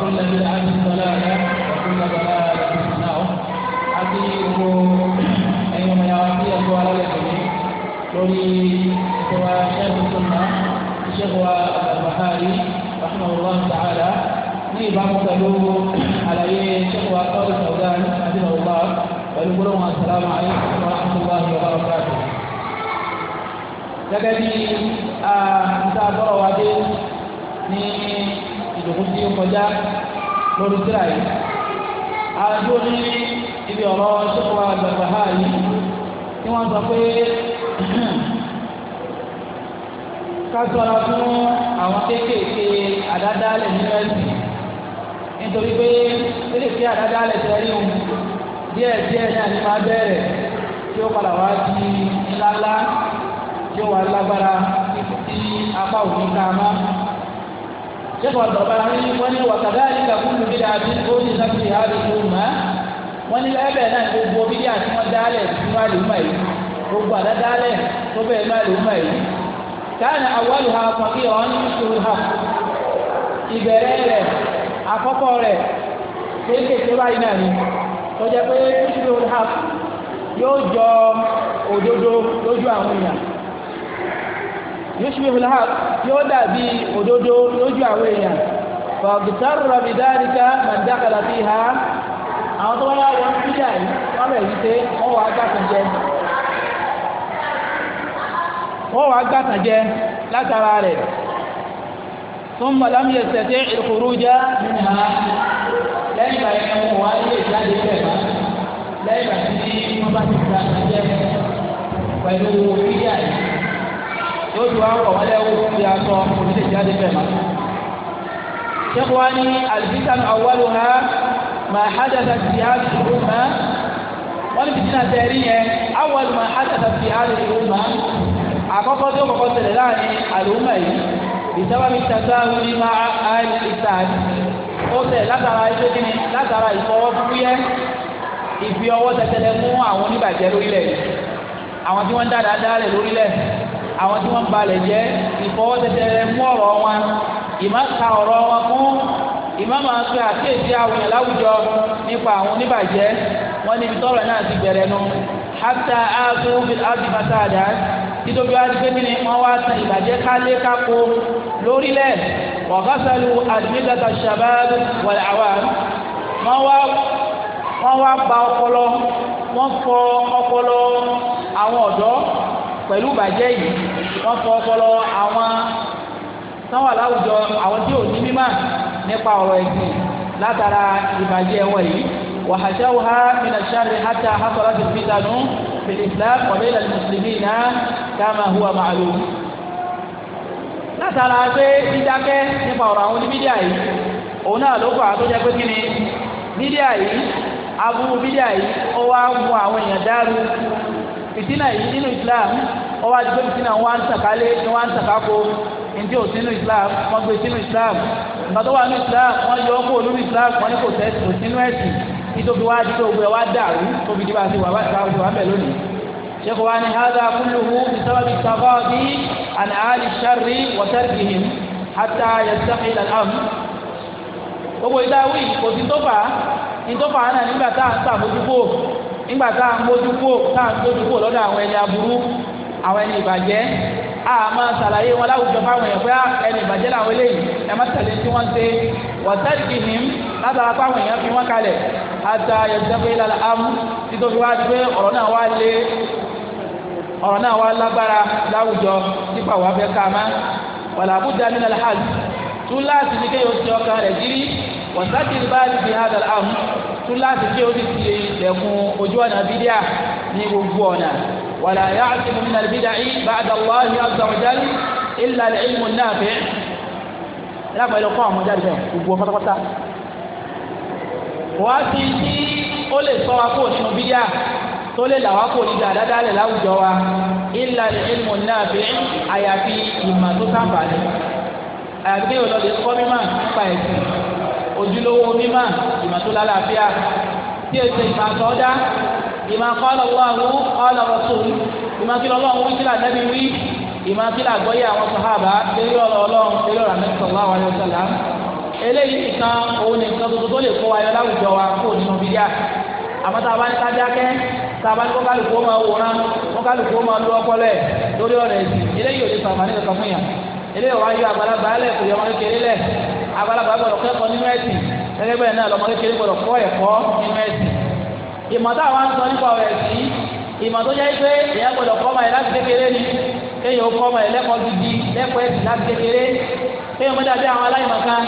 وكل بدعة ضلالة وكل ضلالة حديث أيما على السنة الشيخ البخاري رحمه الله تعالى في بعض على شيخ وأطول السودان حفظه الله ويقولون السلام عليكم ورحمة الله وبركاته لقد أنت أقرأ ìdòkú tí ó kọjá lórí tíra yìí àjò ní ibi ọ̀rọ̀ ṣẹ́kọ̀ọ́ àgbàgbà ha yìí tí wọ́n sọ pé kásọ̀rọ̀ fún àwọn kéékèèké àdádálẹ̀ nínú ẹ̀sìn nítorí pé kéékèèké àdádálẹ̀ tẹ́lẹ̀ òun díẹ̀ díẹ̀ náà ni bẹ̀rẹ̀ tí ó padà wá di ńláńlá tí ó wà lágbára tí apá òfin ká máa. شيخ عبد الرحمن وني وكذلك كل بدعة كون نفس هذه الأمة وني الأبناء gbogbo bí díà tí wọ́n dálẹ̀ tí wọ́n lè mọ̀ yìí gbogbo àdá dálẹ̀ tó bẹ́ẹ̀ má lè mọ̀ yìí káàní àwọ̀lù ha kọ̀kí ọ̀hún ní ìṣòro ha ìbẹ̀rẹ̀ rẹ̀ àkọ́kọ́ rẹ̀ kéékèèké báyìí náà ni tó pé ìṣòro ha yóò jọ òdodo lójú àwọn èèyàn yushbihu al-haqq yóò dàbí òdodo lójú àwọn èèyàn fàbùtàrà bìdáríkà màdàkàlà fi ha àwọn tó wáyà wọn bídà yìí wọn bẹ̀ yìí pé wọn wà á gbàtàn jẹ wọn wà á gbàtàn jẹ látara rẹ̀ ثم لم يستطيع الخروج منها lẹ́yìn ìgbà yẹn wọn wá ilé ìjáde bẹ́ẹ̀ bá lẹ́yìn ìgbà tí wọ́n bá ti gba àtàjẹ́ pẹ̀lú fídíà yìí yóò ju àwọn ọ̀wọ́ lẹ́wọ́ fi aṣọ onílé jáde bẹ́ẹ̀ ma. sẹ́kù wa ní alifitanu awalu ha ma hadasa ti ha dùrù ma wọ́n ní fitina tẹ̀rí yẹn awalu ma hadasa ti ha dùrù ma àkọ́kọ́ tó kọ́kọ́ tẹ̀lé láàrin àlùmọ̀ yìí ìsábàbí tata wuli ma àìlì ìtàdì ó tẹ̀ látara ẹgbẹ́ kínní látara ìfọwọ́ fúyẹ́ ìfi ọwọ́ tẹ̀tẹ̀lẹ̀ fún àwọn oníbàjẹ́ lórílẹ̀ àwọn tí wọ́n ń dá dáadáa lẹ̀ lórílẹ̀ àwọn tí wọ́n balẹ̀ jẹ́ ìfọwọ́tẹ̀tẹ̀ mú ọ̀rọ̀ wọn ìmá ka ọ̀rọ̀ wọn fún ìmá máa fi àkéèsí àwùjọ láwùjọ nípa àwọn oníbàjẹ́ wọn níbi tọ́rọ̀ náà ti bẹ̀rẹ̀ nu hata aago aago mata àdá títóbi wá dípé kí ni wọ́n wá tan ìbàjẹ́ kálé kákó lórílẹ̀ wàhásàlù àdìmígàtà sàbáàbù wàlẹ̀ àwa wọ́n wá wọ́n wá ba ọpọlọ wọ́n fọ ọpọlọ àwọn ọ̀dọ́ pẹ̀lú ìbàjẹ́ yìí wọ́n fọ ọpọlọ àwọn táwọn aláwùjọ àwọn tí ò ní mímà nípa ọ̀rọ̀ ẹ̀sìn látara ìbàjẹ́ wọn yìí wàhásẹ́wòhá mìnàṣárì hátà hásọ̀rọ̀ ti fi dànù fìlìsìlá kọ̀bẹ́lẹ̀ mùsùlùmí náà kama huwa ma'lum. látara pé dídákẹ́ nípa ọ̀rọ̀ àwọn oníbídíà yìí òun náà ló fà á pé kí ni bídíà yìí aburú bídíà yìí ó wá mú àwọn èèyàn dàrú fìtínà yìí nínú islam ọwọ́ adigun fìtínà wọn ń tàkálé ni wọn ń tàkákó ǹjẹ́ ò sínú islam wọn gbé sínú islam nǹkan tó wà ní islam wọn yọ ọkọ olú ní islam wọn ní kò tẹ kò sínú ẹ̀sìn nítorí wá dídó gbé wá dàrú tóbi dí bá ti wà wá ti wà bẹ̀ lónìí sheikh wa ni hada kulluhu bisababi taghadi an ali sharri wa tarkihim hatta yastaqil gbogbo ìdáwí kò sí tó fà á tó fà á nígbà tá à ń sàbójúkó nígbà tá à ń mójú kó tá à ń mójú kó lọ́dọ̀ àwọn ẹni aburú àwọn ẹni ìbàjẹ́ a máa ṣàlàyé wọn láwùjọ fáwọn èèyàn pé ah, ẹni ìbàjẹ́ làwọn eléyìí ẹ má tẹ̀lé tí wọ́n ń ṣe wàtẹ́ẹ̀dì kìíní látara fáwọn èèyàn fi wọ́n kalẹ̀ ata yẹtẹ́fẹ́ ìlànà amú títóbi wá pé ọ̀rọ̀ náà wá lé ọ̀rọ̀ náà wá lágbára láwùjọ nípa wàá fẹ́ ká má wàlàbújá nínú alhàj tún láti ní kéèyàn ti ọkàn rẹ̀ jírí wàtẹ́ẹ̀dì bá túláàsì tí ó ti ti lẹ̀kùn ojú ọ̀nà bídíà ní gbogbo ọ̀nà wàlà yà á ti mọ̀mí nàìjíríà bídíà yìí bá àdàlọ́ yà zọ̀jẹ́ ìlà ìlmù náà fẹ́ lábàá ilé kọ́ àwọn jáde bẹ́ẹ̀ gbogbo pátápátá. wà á ti tí ó lè sọ wa kó nínú bídíà tó lè là wá kó níbi àdádálẹ̀ láwùjọ wa ìlà ìlmù náà fẹ́ àyàfi ìmọ̀ tó sáǹfà ni àyàfi kí ojúlówó mímà ìmọ̀ tó lálàáfíà tí èsè ìmọ̀ àtọ́dá ìmọ̀ qala Allahu qala Rasul ìmọ̀ kí lọ́lọ́run wí sílà nẹ́bí wí ìmọ̀ kí làgbọ́yé àwọn sàhábà lérí ọ̀rọ̀ ọlọ́run lérí ọ̀rọ̀ àmẹ́sọ̀ sallallahu alaihi wasallam eléyìí nìkan òun nìkan tuntun tó lè kó wa láwùjọ wa kó nínú bíyà àmọ́ tá a bá ní ká dákẹ́ tá a bá ní kó ó máa wòran kó ó máa lu ọpọlọ ẹ̀ lórí ọ̀rọ̀ ẹ̀sìn eléyìí ò lè sàmà nígbà kan fún yàn eléyìí ò wá yọ àgbàlagbà lẹ̀ kò yọ ọmọ kékeré lẹ̀ àgbàlagbà gbọ́dọ̀ kẹ́kọ̀ọ́ nínú ẹ̀sìn gẹ́gẹ́ bẹ́ẹ̀ náà lọ́mọ kékeré gbọ́dọ̀ kọ́ ẹ̀kọ́ nínú ẹ̀sìn ìmọ̀ tá àwọn sọ nípa ọ̀rọ̀ ẹ̀sìn ìmọ̀ tó jẹ́ pé èèyàn gbọ́dọ̀ kọ́ ọmọ yẹn láti kékeré ni kéèyàn ó kọ́ ọmọ yẹn lẹ́kọ̀ọ́ gidi lẹ́kọ̀ọ́ ẹ̀sìn láti kékeré kéèyàn mọ́ dàbí àwọn aláìmọ̀kan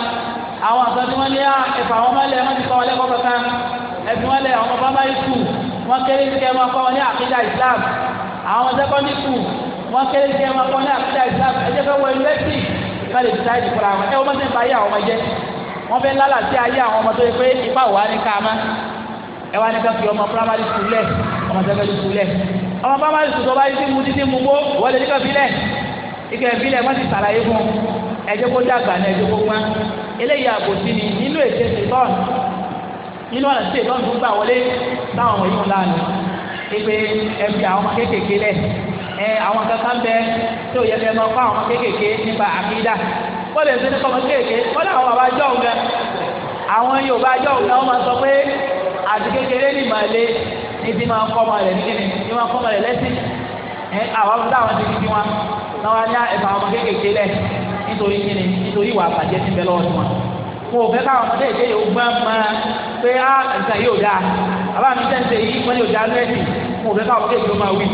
àwọn àgbà tí wọ́n ní ah, ẹ̀fà àwọn ọmọ ilẹ̀ wọ́n ti kọ́ wọn lẹ́kọ̀ọ́ kankan ẹ̀sìn wọn lẹ àwọn ọmọ bàbá ikú wọ́n kéré sí ẹ̀wọ̀n kọ́ wọn ní àkídà Islam àwọn ọmọ sẹ́kọ́ndì kù wọ́n kéré sí ẹ̀wọ̀n kọ́ wọn ní àkídà Islam ẹ̀jẹ̀ fẹ́ wọ yunifásitì ká lè dísáìdì fúnra wọn ẹ wọ́n máa ń sẹ́ńpa ayé àwọn ọmọ jẹ́ wọ́n fẹ́ lálà sí ayé àwọn ọmọ tó yẹ pé ipa wà ní káàmá ẹ wá ní ká fi ọmọ primary school lẹ̀ ọmọ secondary school lẹ̀ ọmọ primary school tó bá yí sí mu títí mu gbó wọ́n lè ní ká fi lẹ̀ ike fi lẹ̀ wọ́n ti sàlàyé fún ẹ jẹ́ kó dàgbà ní ẹ kó gbá eléyìí àbòsí ni nínú ètè ṣètọ́n nínú ọ̀nà ṣètọ́n tó gbà wọlé táwọn ọmọ yìí ń lánàá ẹ àwọn kankan bẹ tí ò yẹ kẹ́ máa fún àwọn kéékèèké nípa àkídà wọ́n lè ṣe nípa ọmọ kéékèèké wọ́n làwọn bàbá jọ òun gan àwọn Yorùbá jọ òun gan wọ́n máa sọ pé àti kékeré ní ìmọ̀lẹ́ ní ti máa ń kọ́ ọmọ rẹ̀ nígbìn ní máa ń kọ́ ọmọ rẹ̀ lẹ́sìn ẹ àwọn ọmọdé àwọn ti fi wọn náà wá ní ẹ̀fọ́ àwọn ọmọ kéékèèké lẹ̀ nítorí kíni nítorí ìwà àbàjẹ́ ti bẹ lọ́wọ́ tiwọn mo ò fẹ́ káwọn ọmọdé ìdè yóò gbọ́n mọ́ pé á ah, nǹkan yóò dáa àbá mi tẹ̀sẹ̀ yìí wọ́n yóò dáa lẹ́sìn mo fẹ́ káwọn ọmọdé ìdè yóò máa wí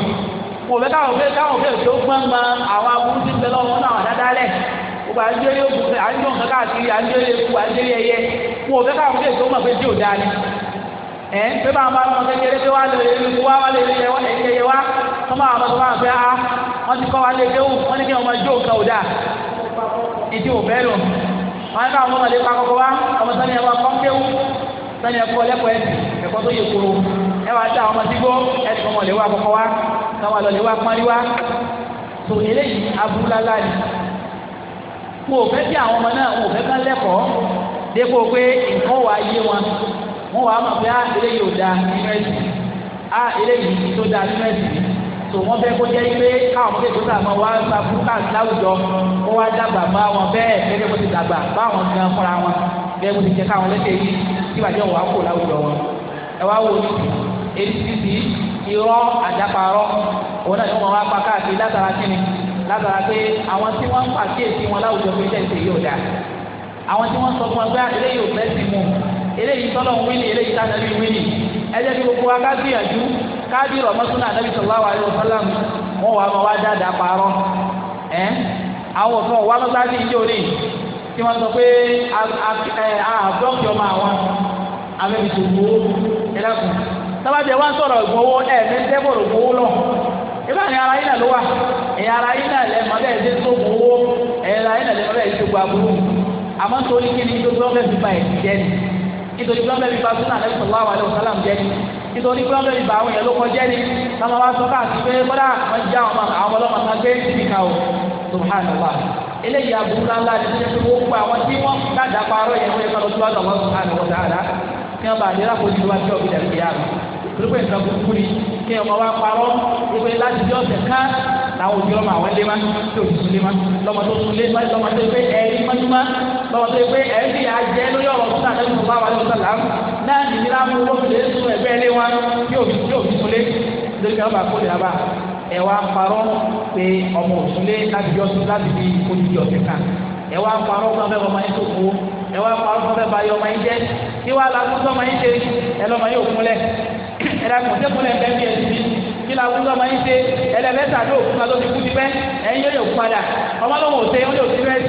kò fẹ́ káwọn fẹ́ káwọn fẹ́ tó gbọ́ngbọ́n àwọn aburú ti bẹ lọ́wọ́ náà dáadáa lẹ̀ gbogbo àjẹyẹ òkú àjọ nǹkan káàkiri àjẹyẹ òkú àjẹyẹ ẹyẹ kò fẹ́ káwọn fẹ́ tó mọ̀ pé tí ò dáa ni ẹ pé bá wọn bá wọn kékeré pé wà lè lu wá wà lè lu ẹyẹ wá wọn bá wọn bá wọn a wọn ti kọ́ wa lè déwù wọn ní kí wọn máa jó nǹkan ò dáa ìdí ò bẹ́ẹ̀ lò wọn ní káwọn ọmọdé pa kọ́kọ́ wá ọmọ sani ẹ̀ wá kọ́ńkéwù sani ẹ̀kọ́ lẹ́kọ̀ọ́ ẹ̀kọ́ tó yẹ kóró ẹ wá dá ọmọ sígbó ẹ̀ tó mọ̀ lè wá kọ́kọ́ wá káwa lọ lè wá pọ́nrí wá tó eléyìí abúlálá ni wọn ò fẹ́ kí àwọn ọmọ náà wọn ò fẹ́ kán lẹ́kọ̀ọ́ dépò pé nǹkan wà á yé wọn wọn wà á mọ̀ pé á ah, eléyìí ò dáa nínú ẹ̀sìn á ah, eléyìí tó dáa nínú ẹ̀sìn tò wọ́n fẹ́ kó jẹ́ pé káwọn ọmọdé tó sàmọ́ wá gba fúkà láwùjọ kó wá dàgbà bá wọn bẹ́ẹ̀ gẹ́gẹ́ bó ti dàgbà bá wọn gan fúnra wọn gẹ́gẹ́ bó ti jẹ́ káwọn lẹ́sẹ̀ yìí tí ìbàjẹ́ wọn wá kó láwùjọ wọn ẹ wá wò ní èyí irọ́ àjàpárọ́ òun náà ni wọ́n wá pa káàkiri látara kíni látara pé àwọn tí wọ́n ń pàkíyèsí wọn láwùjọ pé tẹ̀sí yóò dáa àwọn tí wọ́n sọ fún wọn pé ah, eléyìí ò fẹ́sì mu eléyìí tọ́lọ̀ ń wíni eléyìí tá nàbí wíni ẹjẹ́ bí gbogbo wa ká gbìyànjú ká bí rọ̀mọ́sùn náà nàbí sallallahu alaihi wasallam wọn wà máa wá dáadáa parọ́ ẹ́ àwọn òfin ọ̀wá mọ́sáàsì ìjọ ní tí wọ́n sọ pé àbúrọ̀kì ọmọ àwọn abẹ́bí tó gbó ẹlẹ́kùn tábàtì ẹ̀ wá ń sọ̀rọ̀ ìgbowó ẹ̀ ní tẹ́bọ̀rọ̀ gbowó lọ ìbá ní ara yín náà ló wà ẹ̀yà ara yín náà lẹ̀ mọ́ bẹ́ẹ̀ ṣe tó gbowó ẹ̀yà ara yín náà lẹ̀ mọ́ bẹ́ẹ̀ ṣe gbà burú àmọ́ nítorí kí ni nítorí wọn fẹ́ẹ́ fi ba ẹ̀sìn jẹ́ ni nítorí wọn fẹ́ẹ́ fi ba súnà lẹ́yìn sọ̀rọ̀ àwọn àlẹ́wò sálàm jẹ́ ni nítorí wọn fẹ́ẹ́ fi ba àwọn èèyàn ló kọjẹ́ ni táwọn wá sọ káàkiri pé kọ́dà wọn já àwọn àwọn ọlọ́mọ kan gbé síbi kan o subhanallah eléyìí aburú ńláńlá ni wọ́n ti wọ́n pa àwọn tí wọ́n dàgbà parọ́ yẹn wọ́n yẹ kọ́ lọ́sọ́ kí wọ́n bá àdéhà kó ti wá sí ọ̀gbìn dàbí ìyá mi torí pé nǹkan kúkú ni kí wọ́n wá parọ́ ìpè láti bí ọ̀sẹ̀ ká làwọn òbí ọmọ àwọn lémá tí òbí tún lémá lọ́mọ tó tún lémá lọ́mọ tó pé ẹ̀rí mọ́júmá lọ́mọ tó pé ẹ̀rí àjẹ lórí ọ̀rọ̀ tó sàdé tó bá wà lọ́sọ̀ làám náà nìyíra mú owó fìlẹ̀ sún ẹ̀gbẹ́ lé wọn tí òbí tí òbí tún lé lórí kí wọ́n bá kó lè rábà ẹ̀ wá parọ́ pé ọmọ òtún lé láti bí ọtún láti bí ẹ wá pa ọdún fẹ́ẹ́ bá yọ ọmọ yín jẹ́ kí wàá la kúndọ́ ọmọ yín ṣe ẹ lọ́mọ yóò kúnlẹ̀ ẹ la kùn sẹ́kúnlẹ̀ bẹ́ẹ̀ bí ẹ ti bí kí la kúndọ́ ọmọ yín ṣe ẹ lẹ́ mẹ́ta ló kún lọ́dọ̀ ti kú ti pẹ́ ẹ̀yin yóò yóò padà ọmọ lọ́wọ́ òṣè ó yóò ti rẹ́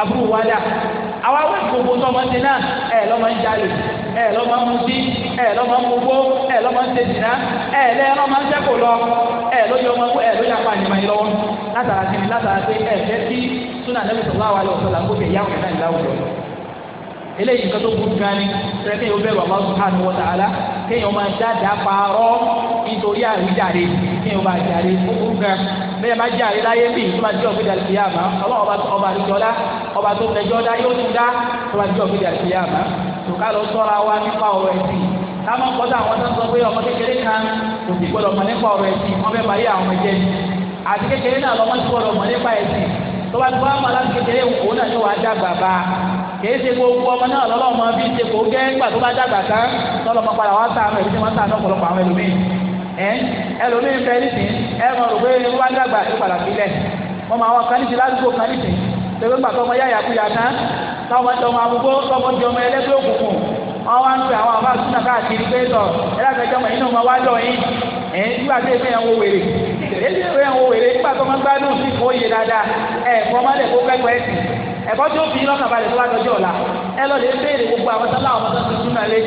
àbúrò wa dà àwa wẹ̀ gbogbo tọmọ ti náà ẹ lọ́mọ ń jalè ẹ lọ́mọ ń mutí ẹ lọ́mọ ń mugbó ẹ lọ́mọ ń tẹ̀sínà ẹ lẹ́ lọ́mọ ń sẹ́kù lọ ẹ lójú ọmọ ẹ lójú apá àyèmọ̀ yìí lọ́wọ́ látara sí ni látara sí ẹ fẹ́ kí súnà nẹ́bí sọ̀rọ̀ àwọn àlọ́ sọ̀rọ̀ àgbókè yáwó náà láwùjọ eléyìí nǹkan tó burú gan ni sẹ́kẹ́ yóò bẹ̀rù Allah subhanahu wa ta'ala kéèyàn máa dáadáa parọ́ nítorí àríjàre kéèyàn máa jàre ó burú gan bẹ́ẹ̀ máa jàre láyé bíi tó máa jẹ́ ọ̀gbẹ́dẹ àlùkìyàmá ọlọ́ọ̀ba ọba àdìjọ́lá ọba tó fẹjọ́ dá yóò tún dá tó máa jẹ́ ọ̀gbẹ́dẹ àlùkìyàmá tòká lọ sọ́ra wa nípa ọ̀rọ̀ ẹ̀sìn táwọn kọ́tà àwọn tó ń sọ pé ọmọ kékeré kan kò sì gbọdọ̀ mọ̀ nípa ọ̀rọ̀ ẹ̀sìn wọ́n fẹ́ báyé àwọn ẹ̀jẹ̀ àti kékeré náà lọ́mọ ti gbọdọ̀ mọ̀ nípa ẹ̀sìn tó bá ti wá mọ̀ òun náà ni wàá dàgbà bá kìí ṣe gbogbo ọmọ náà lọ́lọ́ máa fi ṣe kò gẹ́ nígbà tó bá dàgbà tán lọ́lọ́ máa padà wá sàánù ẹ̀mí tí wọ́n sàánù ọ̀pọ̀lọpọ̀ àwọn ẹlòmíì ẹ ẹlòmíì fẹ́ nísìn ẹ mọ̀ rò pé wọ́n bá dàgbà tó padà sílẹ̀ wọ́n máa wá kaníṣe ládùúgbò kaníṣe tẹ̀wé gbàtọ́ ọmọ yáyà kúyà tán táwọn ọmọ àbúgbó tọmọ di ọmọ ẹlẹ́gbẹ́ òkùnkùn wọ́n wá ń pè àwọn àbá àtúntà káàkiri pé sọ ẹlẹ́gbẹ̀jọ́ mọ̀ nínú ọmọ wá lọ yín ẹ̀ nígbà tí èmi ẹ̀wọ̀n wèrè èmi ẹ̀wọ̀n wèrè nígbà tó máa ń gbádùn sí ìfowóye dáadáa ẹ̀ fọmọlẹ̀ kó pẹ́pẹ́ sí i ẹ̀kọ́ tí ó fi yín lọ́kàn balẹ̀ tó bá dọjọ́ ọ̀la ẹ lọ lè béèrè gbogbo àwọn sábà àwọn tó ń ṣe súnà lé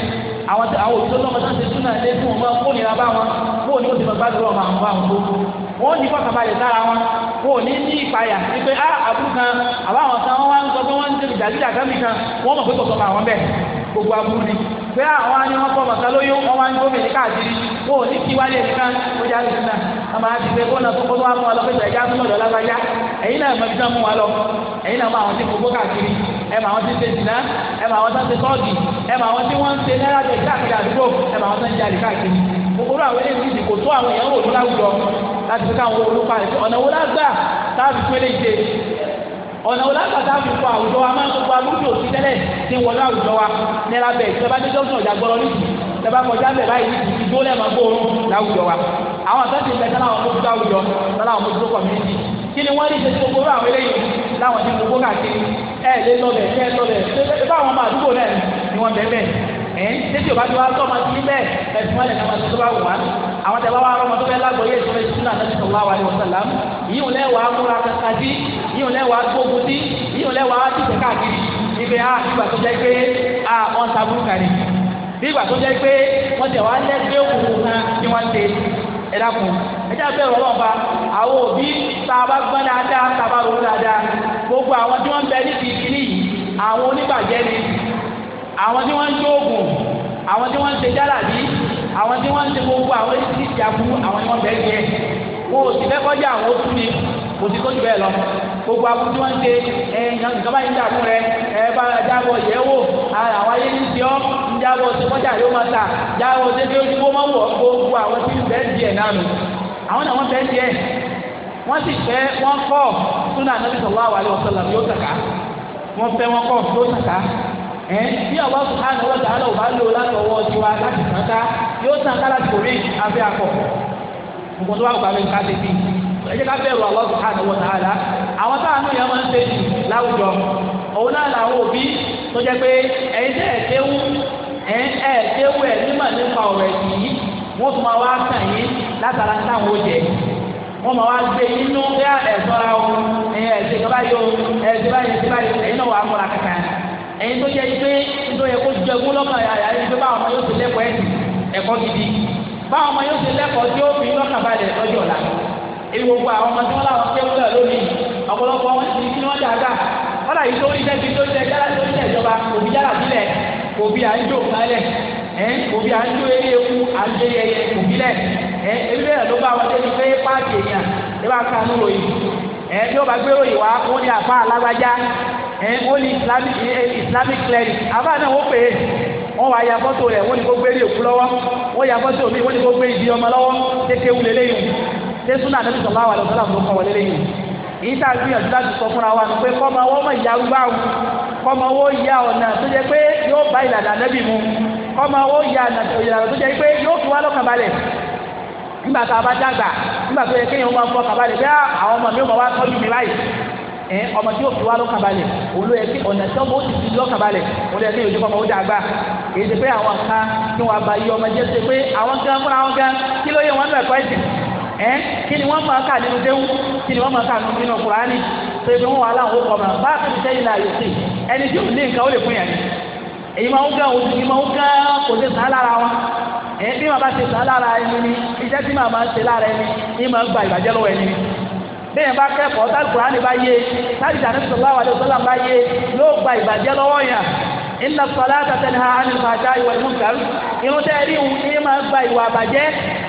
àwọn àwọn òbí tó lọ́mọ tó ń ṣe súnà lé fún wọn kó nira bá wọn kó ní oṣù bàbá lọ́wọ́ àwọn àwọn àwọn tó wọn ní kọ́kàn balẹ̀ sára wọn kó ní ní ìpayà wípé á ah, àbúrú kan àbáwọn kan wọn wá ń sọ pé wọ́n ń ṣe ìdàgídà kan kan wọ́n mọ̀ pé kò sọ pé àwọn ni wọ́n kọ́ bàtà lóyún wọ́n wá ń gómìn ní káàkiri kó ní kí wálé nìkan ó já lè nà àmà àti pé kó tó kótó mú wa lọ pẹ̀lú ẹja fún ọ̀dọ̀ lágbájá ẹ̀yin náà mọ̀ ibi mú wa lọ ẹ̀yin náà mọ̀ àwọn tí gbogbo káàkiri ẹ̀ mọ̀ àwọn tí ń ṣe jìnnà ẹ̀ mọ̀ àwọn tí ń ṣe tọ́ọ̀gì ẹ̀ mọ̀ àwọn tí wọ́n ṣe náírà jẹ̀ káàkiri àdúgbò àwọn olùkọ́ àti ọ̀nà wo lágbà táàbì pélé ṣe ọ̀nà olágbàtà fi kọ àwùjọ wa máa ń kópa lójú òsì tẹ́lẹ̀ tí ń wọnú àwùjọ wa nira bẹ̀ ìjọba ní dókítà ọ̀jà gbọ́rọ̀ níbi ìjọba kọjá bẹ̀ báyìí ti dó lẹ́ẹ̀mọ́ gbóòórùn láwùjọ wa àwọn àtọ́jú ìgbẹ́ tán láwọn mójútó àwùjọ tán láwọn mójútó kọ̀míníìtì kí ni wọ́n rí ṣe tí gbogbo àwọn eléyìí láwọn ti gbogbo káàkiri ẹ lé lọlẹ̀ ẹ lọlẹ̀ ṣé àwọn ọmọ àdúgbò náà ni wọ́n bẹ̀ bẹ́ẹ̀ ẹ̀ ṣé tí o bá ti wá tọ́ ọmọ sí bẹ́ẹ̀ ẹ̀sùn wọn lè ní ọmọ tó bá wù wá àwọn tẹ̀ bá wà ọmọ tó fẹ́ lágbóyè tó fẹ́ sínú àtẹ́sí sọ̀rọ̀ wà ní wọ́sàlám yìí ò lẹ́wàá múra kankan yíyan lẹ́wàá gbógun sí yíyan lẹ́wàá dìbò káàkiri ibẹ̀ á ah, ìgbà tó jẹ́ pé á ah, wọ́n ń taburú kàrí ìgbà tó jẹ́ pé wọ́n ti wá lẹ́gbẹ́ òkùnkùn kan tí wọ́n ń ṣe dákun ẹ jẹ́ abẹ́rẹ́ ọlọ́ọ̀ba àwọn òbí tá a bá gbọ́n dáadáa tá a bá ronú dáadáa gbogbo àwọn tí wọ́n bẹ ní ti yìí àwọn oníbàjẹ́ ni àwọn tí wọ́n ń dóògùn àwọn tí wọ́n ń ṣe jálàbí àwọn tí wọ́n ń ṣe gbogbo àwọn tí ti àbú àwọn tí wọ́n bẹ́ẹ̀ jẹ wọn ò sì fẹ́ kọjá àwọn ó tún ni kò sí tó jù bẹ́ẹ̀ lọ gbogbo akúti wọn ṣe ń rẹ àwọn ayé ní ti ń yóò máa ta jábọ̀ sẹ́fẹ́ ojúbó máa wọ̀ gbogbo àwọn tí ń bẹ́ẹ̀ díẹ̀ náà nù àwọn náà wọ́n bẹ́ẹ̀ wọ́n sì fẹ́ wọ́n kọ́ súnà yóò tàkà wọ́n fẹ́ wọ́n kọ́ yóò tàkà ẹ̀ bí ọba ẹ jẹ́ ká bẹ̀rù Allah subhanahu wa ta'ala àwọn táwọn yẹn máa ń ṣe láwùjọ òun náà làwọn òbí tó pé nípa yìí tún máa wá yín látara táwọn máa wá gbé inú bí ah, o ẹ̀sìn ìjọba yìí o ẹ̀sìn báyìí ẹ̀sìn báyìí ẹ̀yin náà wà múra kankan ẹ̀yin tó jẹ́ pé tó yẹ èyí gbogbo àwọn ọmọ tí wọ́n láwọn kéwù náà lónìí ọ̀pọ̀lọpọ̀ wọn ti kí wọ́n dà dà wọ́n là yìí tó rí tẹ́bi tó tẹ jára tó tẹ ìjọba òbí jára sílẹ̀ òbí à ń jó kálẹ̀ ẹ̀ òbí à ń jó eré eku à ń jó yẹyẹ òbí lẹ̀ ẹ̀ ebi bẹ́ẹ̀ ló bá wọn débi pé páàkì èèyàn ẹ bá ka nù ròyìn ẹ̀ bí wọ́n bá gbé ròyìn wá wọ́n ní àfa alágbájá ẹ̀ wọ́n ní islamic islamic cleric àfa náà wọ́n pè é wọ́n wá ya fọ́tò rẹ̀ wọ́n ní kó gbé ilé òkú lọ́wọ́ wọ́n ya fọ́tò mi wọ́n ní kó gbé ibi ọmọ lọ́wọ́ kékeré wulẹ̀ lẹ́yìn ṣé súnà nàbí sọ̀lá wà lọ́sọ̀lá ló kọ́ wọlé lẹ́yìn èyí tá a gbìyànjú láti sọ fúnra wa pé kọ́mọ owó mọ̀ ìyá arúgbó àwọn kọ́mọ owó ìyá ọ̀nà tó jẹ́ pé yóò bá ìlànà nẹ́bì mu kọ́mọ owó ìyá ìlànà tó jẹ́ pé yóò fi wá lọ́kàn balẹ̀ nígbà tá a bá dàgbà nígbà tó yẹ kéèyàn máa fọ kàbalẹ̀ bí ah, àwọn ọmọ mi ò máa wá tọ́jú mi báyìí ọmọ tí yóò fi wá lọ́kàn balẹ̀ olú yẹ kí ọ̀nà tí ọmọ ó ti fi lọ́kàn balẹ̀ olú yẹ kí ìjọba ọmọ ó dàgbà kì í pé àwọn kan kí wọ́n bá ọmọ jẹ́ ṣe pé àwọn gan fúnra wọn gan kí ló yẹ wọn nù ẹ̀kọ́ ẹ̀sìn ẹ́ kí ni wọ́n máa kí ni wọ́n máa nínú kùránì tó ibi wọn wà láwọn ó máa bá àfẹ́mi sẹ́yìn náà yòókè ẹni tí ò ní nǹkan ó lè fún yàrá èyí máa ń gán oṣù yìí máa ń gán kò ṣe sàn lára wọn bí màá bá ṣe ni iṣẹ́ tí màá máa ṣe lára ẹni gba ìbàjẹ́ lọ́wọ́ ẹni bá kẹ́kọ̀ọ́ tá kùránì bá yé tá ìjà inna salata tanha anil fahsha'i wal munkar irun tẹ́ rí òun ní máa gba ìwà àbàjẹ́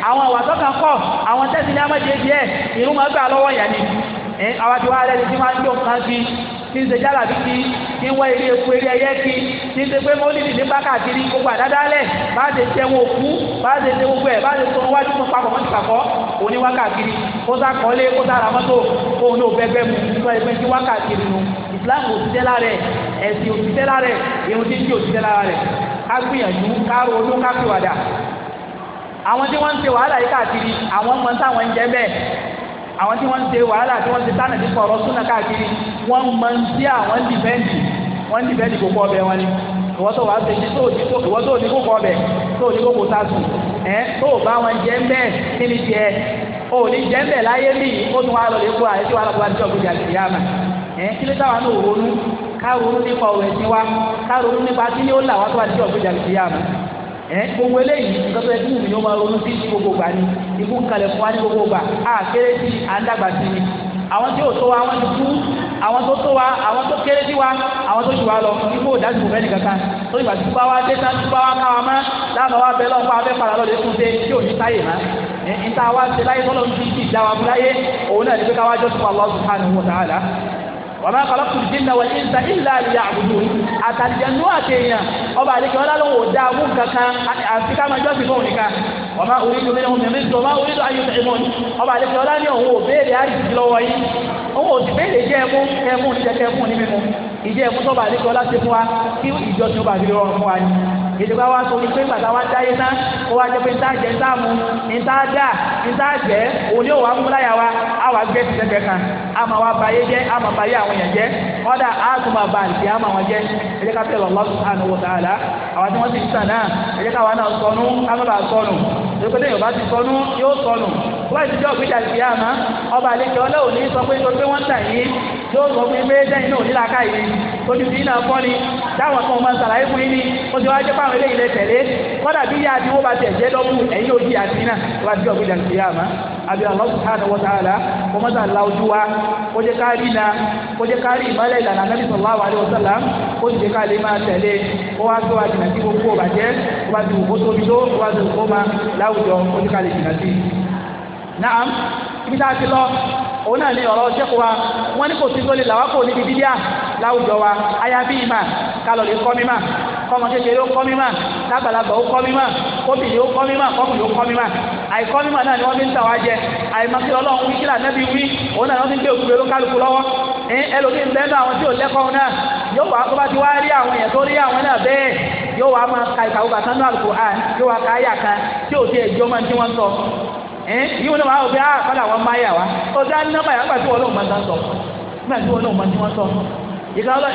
àwọn àwà tó kàn kọ́ àwọn tẹ́sí ní amájẹ́ díẹ̀ irun máa gbà lọ́wọ́ yẹn ni àwọn àti wàhálẹ́ ti máa ń jó nǹkan tí ń ṣe jálàbí kí tí ń wá eré epo eré ẹyẹ kí tí ń ṣe pé mọ́lìdì ní pákàkiri gbogbo àdádálẹ̀ bá ṣe tẹ wọn òkú bá ṣe tẹ gbogbo ẹ̀ bá ṣe tọ́ wájú fún papọ̀ mọ́tì papọ̀ òní wákàkiri kó sá kọ́lé kó sá ra mọ́tò kó òun náà bẹ́gbẹ́ mu nípa ẹgbẹ́ tí wákàkiri nu Islam òṣìṣẹ́ lára ẹ̀ ẹ̀sìn òṣìṣẹ́ lára ẹ̀ irun tí òṣìṣẹ́ lára rẹ̀ ká gbìyànjú ká ronú ká wàdà àwọn tí wọ́n ń ṣe wàhálà yìí káàkiri àwọn ọmọ táwọn ń jẹ bẹ́ẹ̀ àwọn tí wọ́n ń ṣe wàhálà tí wọ́n ń ṣe tánà tí kọ̀ọ̀rọ̀ súnà káàkiri wọ́n máa ń tí àwọn dìbẹ́ǹdì wọ́n dìbẹ́ǹdì kókó ọbẹ̀ wọn ni ìwọ́n tó wà á ṣèjì ìwọ́n tó ní kókó ọbẹ̀ tó ní kókó sásù ẹ̀ tó bá wọn jẹ́ ń bẹ́ẹ̀ kí ni tiẹ̀ o ní jẹ́ ń bẹ́ẹ̀ láyé mi ó tún wá lọ lè kó àyè tí wàhálà kó wá níjọ́ gbèjà lè yá mà ẹ̀ kí ẹ gbogbo eléyìí tọ́tọ́ ẹbí mi yóò máa ronú sí gbogbo gbà ni ikú ń kalẹ̀ fún wa ní gbogbo gbà á kéré sí à ń dàgbà sí ni àwọn tí ò tó wa àwọn ti kú àwọn tó tó wa àwọn tó kéré sí wa àwọn tó jù wa lọ ikú òdájú bẹ́ẹ̀ nìkankan tó ìgbà tí bá wa dé tá tí bá wa ká wa mọ́ láàmú wa bẹ́ẹ̀ lọ́pọ̀ abẹ́ padà lọ́lẹ̀ fún ṣe tí ò ní táyè má níta wa ṣe láyé tọ́lọ́ ń fi ìjà wa mú láyé òun náà ní pé ká wá jọ́sùn wa Allah subhanahu wa ta'ala wọ́n máa kọ́lọ́ kùn jìnnà wọ́n yín sàn ìlà ìyá àbùdù àtàlìjẹ̀nu àtẹ̀yàn ọba àlejò ọlọ́run ò dáa mú kankan àti ká máa jọ́sìn fún nìkan wọ́n máa orí tó mẹ́rin mẹ́rin tó máa orí tó ayé tó ìmọ̀ ọba àlejò ọlọ́run òun ò béèrè àìsí lọ́wọ́ yìí òun ò sì béèrè jẹ́ ẹmú ẹmú níjẹ́ kẹ́mú ìjẹ́ ẹmú tó ọba àlejò ọlọ́run ti fún wa kí ìjọsìn èdè bá wá sórí pé bàtà wá dáyé tán kó wá jẹ́ pé níta jẹ́ níta mu níta dà níta jẹ́ òun yóò wá múláyà wa á wà gbé ti sẹ́gbẹ̀ẹ́ kan á máa wá bayé jẹ́ á máa bayé àwọn èèyàn jẹ́ kọ́dà á tún máa ba àlùkí á máa wọn jẹ́ ẹ̀jẹ̀ ká tẹ̀lé Allah subhanahu wa ta'ala àwọn tí wọ́n ti sàn náà ẹ̀jẹ̀ káwa náà sọnù ká má bàa sọnù ìpínlẹ̀ yorùbá ti sọnù yóò sọnù wọ́n ti jẹ́ òkúta ìfìyàmá ọba àlejò ọlọ́ọ̀ni sọ pé nítorí pé wọ́n tà yín yóò sọ fún pé dẹ́yìn náà nílá káyìí ojú ti náà fọ́ ni táwọn kan máa ṣàlàyé fún yín ní ó ti wáá jẹ́ pàwọn eléyìí lẹ tẹ̀lé kọ́dà bí yá àti wọ́n bá tẹ̀ jẹ́ lọ́mú ẹ̀yìn òjì àti náà wá sí ọ̀gbìn jàǹtì yá àmá àbí Allah subhanahu wa ta'ala kó má sà la ojú wa kó jẹ́ kárí na kó jẹ́ kárí ìmọ́lẹ̀ ìlànà Nabi sallallahu alaihi wasallam kó sì jẹ́ ká lè máa tẹ̀lé kó wá sọ àjìnà tí gbogbo òbàjẹ́ kó bá ti wò kó tóbi tó kó wá sọ kó máa láwùjọ kó jẹ́ ká lè jìnà sí i. Na'am ibi tá a ti lọ òun náà ní ọ̀rọ̀ ṣẹ́kù wa wọ́n ní kò sí tó lè làwá kò níbi bídíà láwùjọ wa ayabi ìmà kálọ̀ lè kọ́ mímà kọ́mọ kékeré ó kọ́ mímà lágbàlagbà ó kọ́ mímà kóbìnrin ó kọ́ mímà kọ́kùnrin ó kọ́ mímà àìkọ́ mímà náà ni wọ́n fi ń tà wá jẹ àìmọ́kí ọlọ́run wí kílà nẹ́bí wí òun náà ni wọ́n fi ń gbé òkúrẹ́ ló kálukú lọ́wọ́ ẹlòmíín bẹ́ẹ̀ náà àwọn tí ò lẹ́kọ̀ọ́ náà yóò wá tó bá ti wá rí àwọn èèyàn tó rí àwọn náà bẹ́ẹ̀ yóò wá máa ka ìkàwé bàtánú àlùkò àn yóò wá ká àyà kan tí ò tiẹ̀ jọ́ máa ń tí wọ́n sọ yíwọ́n náà wàá wò pé á ah, padà wọ́n máa yà wá ó dá ní nọ́mbà yà nígbà tí wọ́n náà máa ń sọ nígbà tí wọ́n náà máa ń sọ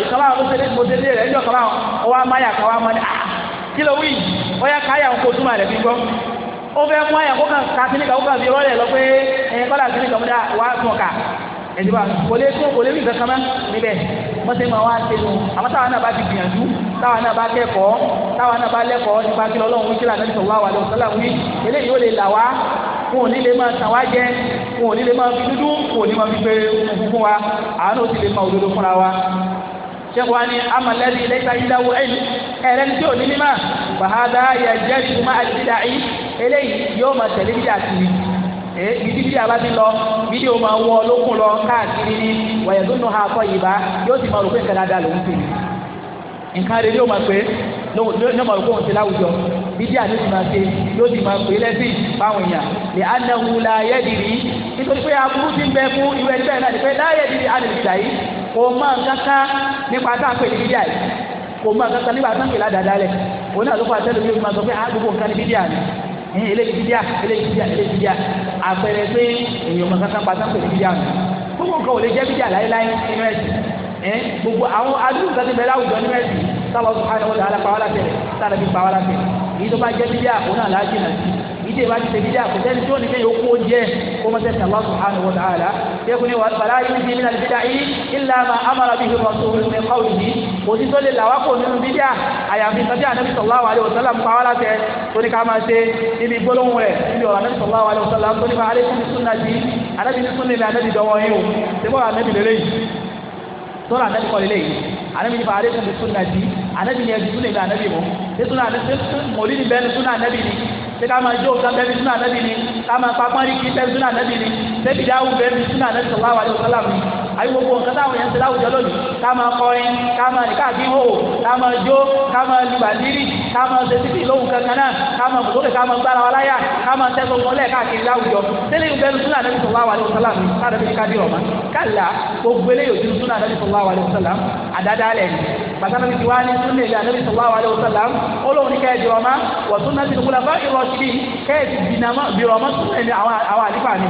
ìkàlá àwọn ọmọdé mo délé rẹ̀ ẹjọ́ kàlá ọwọ́ amáyà kàwá amáyà ah, kí ló wí ọyá káyà ń kó túmọ̀ rẹ̀ fi gbọ́ ó mú àyà kó kàn ká kó kàn fi rọ́ọ̀lẹ̀ lọ pé ẹ̀ kọ́là kíníkà mú dá wàá tún ọ̀kà ẹ̀dùbà kò lè tún kò lè rí nǹkan kan mọ́ níbẹ̀ wọ́n ti máa wá ṣe nù àmọ́ táwa náà bá ti gbìyànjú táwa náà bá kẹ́kọ̀ọ́ táwa náà bá lẹ́kọ̀ọ́ nípa kí lọ́lọ́run wí kí lànà ìṣòwò àwọn àlọ́ sọ́là wí eléyìí ó lè là wá wọn ò ní lè máa tàn wá jẹ wọn ò ní lè máa fi dúdú wọn ò ní máa fi pé òkú fún wa àánú ò sì lè máa òdodo fúnra wa sẹ́kọ̀ọ́ ni amalẹ́ni lẹ́ta ìdáwó ẹ̀yìn ẹ̀rẹ́ni yìí ee eh, ibi tí a bá ti lọ fídíò máa wọ lókun lọ káàkiri ní wọ̀nyẹ̀ tó nù ha kọ́ yìí bá yóò sì máa rò pé nǹkan dáadáa lòún ti nǹkan rẹ̀ yóò máa pé ní ọmọ òkú òǹtí láwùjọ bídíà ló ti máa ṣe ló ti máa pè é lẹ́sìn fáwọn èèyàn lè anahu la yẹ́dìrí nítorí pé aburú ti ń bẹ fún irú ẹni bẹ́ẹ̀ náà ni pé láyẹ̀dìrí anìlìjà yìí kò mọ nǹkan nípa tá à ń pè ní bídíà yìí kò mọ nǹkan nípa tá à ń pè ládàá dálẹ̀ òun náà ló fà sẹ́lẹ̀ mi máa sọ pé àgbègbè ah, nǹkan ní bídíà ni eléyìí dídíà eléyìí dídíà eléyìí dídíà àpẹẹrẹ pé èèyàn mọ̀ kankan pàtàkì pẹ̀lú dídíà nù gbogbo nǹkan ò lè jẹ́ dídíà láéláé nínú ẹ̀sìn ẹ gbogbo àwọn adúlù kan ti bẹ̀rẹ̀ àwùjọ nínú ẹ̀sìn sábà sùn àwọn ọ̀dà alápá wa láti rẹ̀ sábà fi pa wa láti rẹ̀ èyí tó bá jẹ́ dídíà òun náà láti nà sí ìdí ìbá ti tẹ̀lé àkó sẹ́ni tí ó ní kẹ́yìn okú oúnjẹ kó mọ́ sẹ́sìn Allah subhanahu wa ta'ala yẹ́kun ní wàlá yìí ti mílíọ̀nù bídà yìí illa ma amara bihi rasul ní kọ́wì yìí òsì tó lè làwá kò nínú bídà àyàfi sọ́jà anábì sallallahu alaihi wasallam pa wá láṣẹ tó ní ká máa ṣe níbi gbólóhùn rẹ̀ níbi ọ̀rọ̀ anábì sallallahu alaihi wasallam ṣé ká máa jó nǹkan bẹ́ẹ̀ bí súnà nẹ́bí ni ká máa pa pọ́nrí kí bẹ́ẹ̀ bí nẹ́bí ni bẹ́ẹ̀ bí dáwù bẹ́ẹ̀ bí súnà nẹ́bí sallallahu alaihi wasallam ni àyè gbogbo nǹkan táwọn èèyàn ń ṣe láwùjọ lónìí ká máa kọrin ká máa nìka àbí hò ká máa jó ká máa lu bàndírì ká máa ṣe títì lóhùn kankan náà ká máa bùsókè ká máa gbára wa láyà ká máa tẹ́sán mọ́lẹ̀ káàkiri láwùjọ tẹ́lẹ̀ ìgbẹ́ lu súnà nẹ́bí sallallahu alaihi wasallam ni ká nẹ́bí ká dì rọ̀ mọ́ kálá gbogbo eléyòó ti lu súnà nẹ́bí sallallahu alaihi wasallam àdádálẹ̀ ni bàtàna bí tiwa ni sunna ilé anabi sallallahu alayhi wa sallam olóhùn ní kẹ́ẹ̀ dìrọ̀mà wà sunna ti dùkúlà fún ìrọ̀sì kẹ́ẹ̀ ti dìrọ̀mà sunna ni àwọn àlífà ni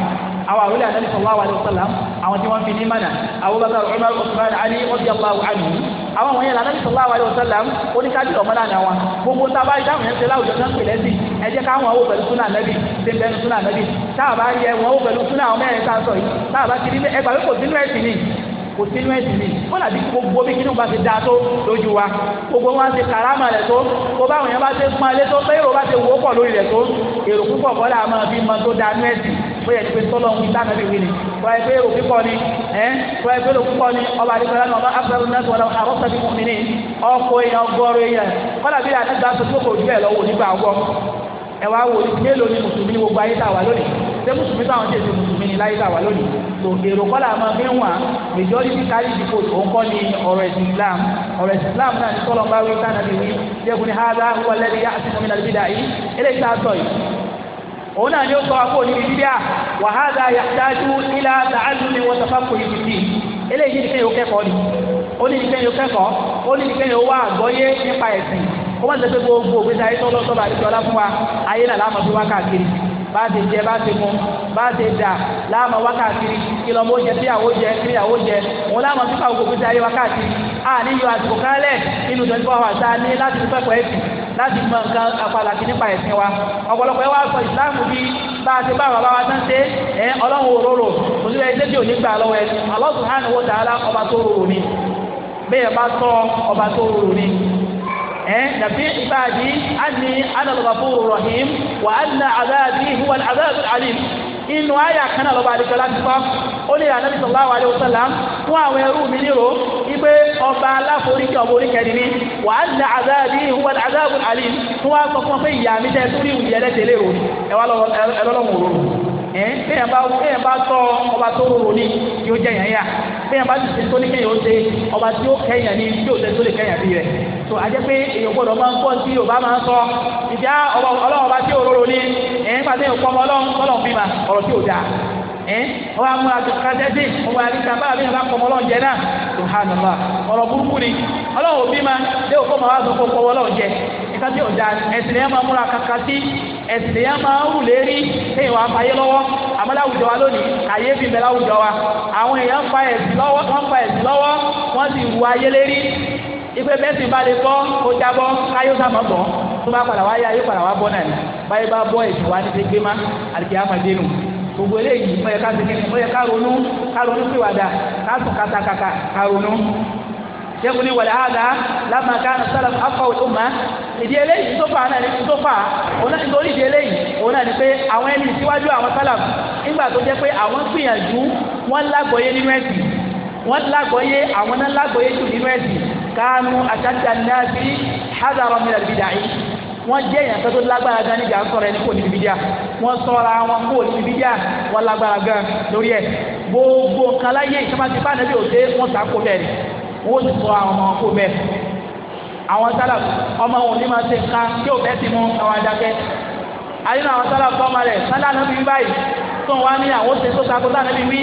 àwọn àrùlé anabi sallallahu alayhi wa sallam àwọn tí wọ́n fi ní mánà abubakar umar usman ali radiyallahu anhu àwọn wọ̀nyí la anabi sallallahu alayhi wa sallam oníkàdì ọ̀mọ́nà náà wọn gbogbo tá a bá yí dáhùn yẹn ti láwùjọ náà pè lẹ́sìn ẹ jẹ́ káwọn àwọn pẹ̀lú súnà nàbì ṣe ń bẹnu súnà nàbì táà bá yẹ wọn ó pẹ̀lú súnà àwọn mẹ́rin tá a sọ yìí táà bá ti rí ẹgbàá pé kò sínú ẹ̀sìn ni kò sínú ẹ̀sìn mi wọ́n làbí gbogbo bí kínú bá ti dáa tó lójú wa gbogbo wọn ti karama rẹ̀ tó kó báwọn yẹn bá ti pọn alẹ́ tó bẹ́ẹ̀ èrò bá ti wò ó pọ̀ lórí rẹ̀ tó èrò púpọ̀ kọ́lá máa fi mọ tó dáa nú ẹ̀sìn ó yẹ pé tọ́lọ́ ń gbá nàbí wí ni wọ́n yẹ pé èrò púpọ̀ ni ẹ́ wọ́n yẹ pé èrò púpọ̀ ni ọba àdìgbọ́lá náà ọba abdulayi náà wọ́n àwọn sọ́bí mọ́mí ni ọkọ̀ èèyàn ọgọ́rùn-ún èèyàn kọ́lá bí i àtẹ́gbà tó tó kò jù ẹ̀ lọ́wọ́ nígbà ọgọ́ ẹ wá wò mélòó ni mùsùlùmí ní gbogbo ayé tá a wà lónìí ṣé mùsùlùmí táwọn ṣe ṣe mùsùlùmí ní láyé tá a wà lónìí tó èrò kọ́là máa fi ń wà majority carry the vote òun kọ́ ni ọ̀rọ̀ ẹ̀sìn Islam ọ̀rọ̀ ẹ̀sìn Islam náà ní tọ́lọ̀ bá wí sáà nàbí wí jẹ́kun ní haza wà lẹ́bi yá àti sọmínà bídà yìí eléyìí tá a sọ yìí òun náà ni ó sọ àpò níbi bídà wà haza yàtájú ilà tààlù ni wọ́n sọfà kò yìí fi eléyìí nìkan yóò kẹ́kọ̀ọ́ ni ó ní nìkan yóò kẹ́kọ̀ọ́ ó ní nìkan yóò wá àgbọ́yé nípa ẹ̀sìn kó má tẹ́tẹ́ gbogbo ògbésí ayé tọ́lọ́ tọ́lọ́ àdìsọ́ ọlá fún wa ayé náà láàmú sí wákàkiri bá a ti jẹ bá a ti mu bá a ti dà láàmú wákàkiri kìlọ̀ mọ́ jẹ síyàwó jẹ síyàwó jẹ òun láàmú sí káwọn ògbésí ayé wákàkiri a ní yọ àsìkò kálẹ̀ nínú twenty four hours tá a ní láti fi pẹ́pẹ́ ẹ̀sìn láti mọ nǹkan apàlàkì nípa ẹ̀sìn wa ọ̀pọ̀lọpọ̀ ẹ wá sọ ìsìláàmù bíi bá a ti bá bàbá wa tán ṣe ẹ ọlọ́run òróró òṣìṣẹ́ ilé tí ò ní gbà lọ́wọ́ ẹ Allah subhanahu wa ta'ala ọba tó rorò ni bẹ́ẹ̀ bá tọ́ ọba tó rorò ni نبي عبادي أني أنا الغفور الرحيم وأن عذابي هو العذاب العليم inú àyà kan náà lọ́ba àdìgbò láti fọ́ ó lè ànábì sallallahu alaihi wasallam fún àwọn ẹrú mi níro wípé ọba aláforíkẹ́ ọba oríkẹ́ni wà á nà àdáàbí huwa al-azabul alim fún wa sọ fún ẹ kéèyàn bá kéèyàn bá tọ ọba tó rorò ní yóò jẹ yẹn yá kéèyàn bá tètè tó ní kéèyàn ó ṣe ọba tí ó kẹyàn ní tí ó ṣe tó lè kẹyàn bí rẹ tó àjẹ pé èyàn gbọ́dọ̀ máa ń kọ tí Yorùbá máa ń sọ ìjà Ọlọ́run ọba tí ó rorò ní ẹ nípa tí èyàn kọ ọmọ Ọlọ́run Ọlọ́run bí ma ọ̀rọ̀ tí ò dáa ẹ ọba múra tó kájẹ́sì ọba àríkà bá àbí ìyàbá kọmọ Ọlọ́run jẹ náà subhanallah ọ̀rọ̀ burúkú ni Ọlọ́run òbí ma lé òkú ọmọ wa sọ fún ọkọ Ọlọ́run jẹ ìka tí ò dáa ẹ̀sìn ẹ̀ máa múra kàkà sí ẹ̀sìn yẹn máa ń wù lérí kéèyàn wá fayé lọ́wọ́ àmọ́ láwùjọ wa lónìí àyè fi bẹ láwùjọ wa àwọn èèyàn fa ẹ̀sìn lọ́wọ́ wọ́n fa ẹ̀sìn lọ́wọ́ wọ́n sì wù ayé lérí ipe bẹ́sìn bá lè bọ́ kó jábọ́ káyó sàmọ́ bọ́ tó bá padà wá ayé padà wá bọ́ náà ni báyé bá bọ́ ẹ̀sìn wa ní ti gbé má àlùkí àmàdénù gbogbo eléyìí mọ̀yẹ́ká ti kí ronú ká ronú síwádà ká tún katakata ká ronú àdẹ́kùnlé wàlẹ̀ àgá lámàká sálà afọ́ ìtòmá ìdí eléyìí tó fà náà ní tó fà òun náà nítorí ìdí eléyìí òun náà ni pé àwọn ẹni síwájú àwọn sálà nígbà tó jẹ́ pé àwọn gbìyànjú wọ́n lágbọ́yé nínú ẹ̀sìn wọ́n lágbọ́yé àwọn náà lágbọ́yé jù nínú ẹ̀sìn kánú àtàtà náà sí hádàrọ̀ mi làbí dàí wọ́n jẹ́ èèyàn tó lágbára gan níjà ń sọ̀rọ̀ ẹni kò níbi bídíà wọ́n sọ̀rọ̀ àwọn kò níbi bídíà wọ́n lágbára gan lórí ẹ̀ gbogbo nǹkan láyé ìsọ́mọ́tì bá nàbí òde wọ́n sàkó bẹ́ẹ̀ wọ́n ti sọ àwọn ọmọ kó bẹ́ẹ̀ àwọn sálà ọmọ wọn ní máa ṣe nǹkan tí ò ti mú àwọn adákẹ́ àyínú àwọn sálà fọmọ rẹ̀ sálà náà fi báyìí tó ń ní àwọn ṣe tó sako sálà náà fi wí